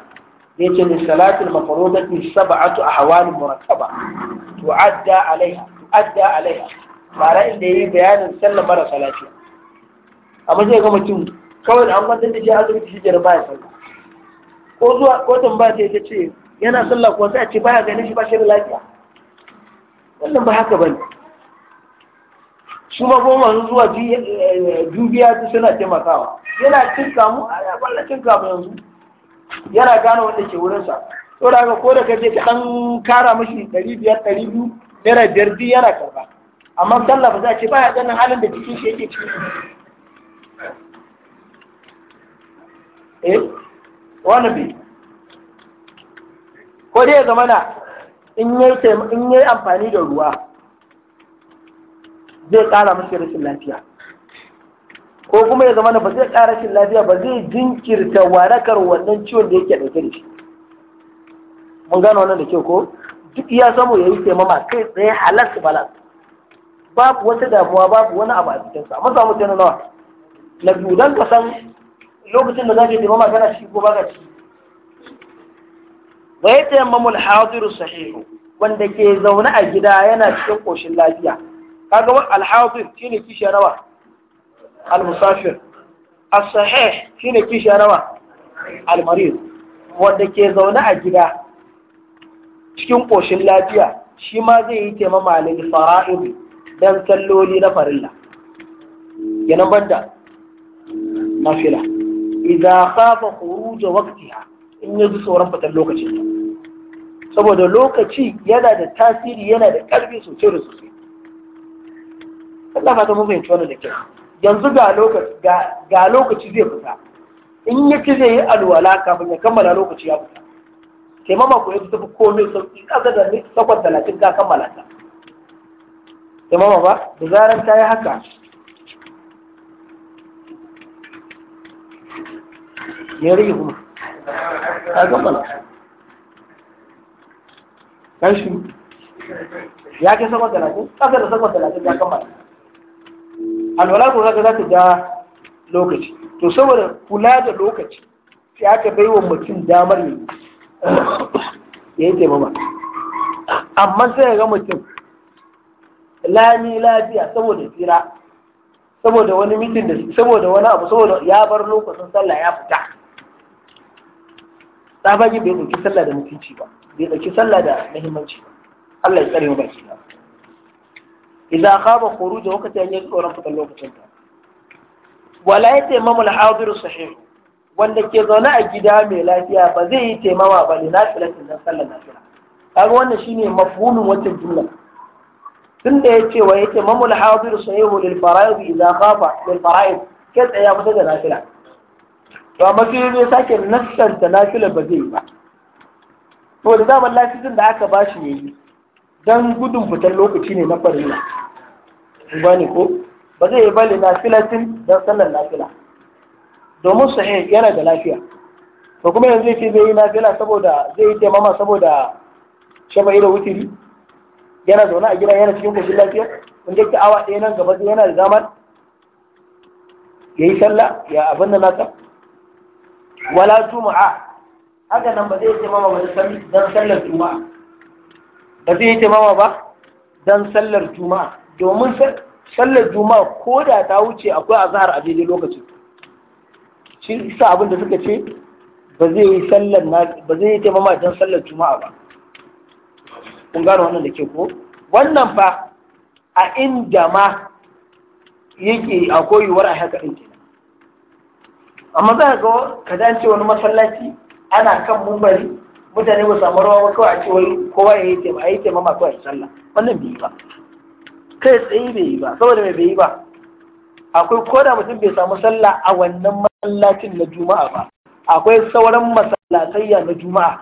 [SPEAKER 1] yake ne salatul mafarudati sab'atu ahwal murakkaba tu'adda alaiha tu'adda alaiha bara inda yayi bayanin sallar mara salati amma zai ga mutum kawai an gwada da shi azumi shi jira baya sallah ko zuwa ko tambaya sai ta ce yana sallah ko sai a ce baya ganin shi ba shi da lafiya wannan ba haka bane su ma goma zuwa dubiya suna taimakawa yana cin kamu a kwallon cin kamu yanzu yana gane wanda ke wurinsa to da ko da kaje ka dan kara mashi 500 200 naira biyar duk yana karba amma sallah ba za ce baya ganin halin da cikin shi yake ciki eh wani bi ko dai zama na in yi amfani da ruwa zai kara mashi rashin lafiya ko kuma ya zama ba zai ƙara shi lafiya ba zai jinkirta warakar wannan ciwon da yake ɗauke da shi mun gano wannan da kyau ko duk ya samu ya yi taimama kai tsaye halas balas babu wata damuwa babu wani abu a cikinsa amma samu tana nawa na biyu don ka san lokacin da za ka yi taimama kana ciki ko baka ciki ba ya taimamul hadiru sahihu wanda ke zaune a gida yana cikin ƙoshin lafiya kaga wani alhadir shine kishiyar rawa al-musafir shine kishi rawa al wanda ke zaune a gida cikin koshin lafiya shi ma zai yi taimama lil fara'id dan salloli na farilla yana banda nafila idza khafa khuruj waqtiha in yaji sauran fitar lokacin saboda lokaci yana da tasiri yana da ƙarfi sosai da sosai Allah fata mun fahimci wannan da kyau yanzu ga lokaci zai fita in ya ce zai yi alwala kafin ya kammala lokaci ya fita taimama ku yanzu tafi komai sauki ƙasa da ni takwas talatin ka kammala ta taimama ba da zarar ta yi haka ya rage kuma ta kammala kan shi ya ke sama talatin ƙasa da sama talatin ga kammala alwala ko zaka zaka ga lokaci to saboda kula da lokaci sai aka bai wa mutum damar ne ya yi mama amma sai ga mutum lami lafiya saboda tsira saboda wani mitin da saboda wani abu saboda ya bar lokacin sallah ya fita tsabagi bai ɗauki sallah da mutunci ba bai ɗauki sallah da muhimmanci ba Allah ya tsare mu baki idan khaba khuruja wakati an yi tsoron fitar lokacin ta wala ya taimama al-hadir sahih wanda ke zaune a gida mai lafiya ba zai yi taimama ba ne nafilatin na sallar nafila kaga wannan shine mafhumin wancan jumla ya ce wa yake mamul hadir sahihu lil fara'id idza khafa lil fara'id ke tsaya fita da nafila to amma sai zai sake nassanta na nafila ba zai ba to da zaman lafiyar da aka bashi yayi dan gudun fitar lokaci ne na farilla ba gane ko ba zai yi bali na filatin don sallar nafila domin sahih yana da lafiya Ba kuma yanzu yake zai yi nafila saboda zai yi taimama saboda shaba ido wutiri yana zaune a gida yana cikin koshin lafiya wanda yake awa ɗaya nan gaba yana da zamar ya yi sallah ya abin da nasa wala juma'a haka nan ba zai taimama wani sallar juma'a ba zai yi taimama ba don sallar juma'a domin sallar juma'a ko da ta wuce akwai azahar a daidai lokacin shi isa abin da suka ce ba zai yi sallar ba zai yi taimama don sallar juma'a ba kun gano wannan da ke ko wannan fa a inda ma yake akwai a haka ɗin kenan amma za ka ga ka dace wani masallaci ana kan mumbari mutane ba samu rawa ba kawai a ce wai kowa ya yi tema a yi tema masu a yi sallah wannan bai yi ba kai tsaye bai yi ba saboda mai bai yi ba akwai koda mutum bai samu sallah a wannan masallacin na juma'a ba akwai sauran masallatayya na juma'a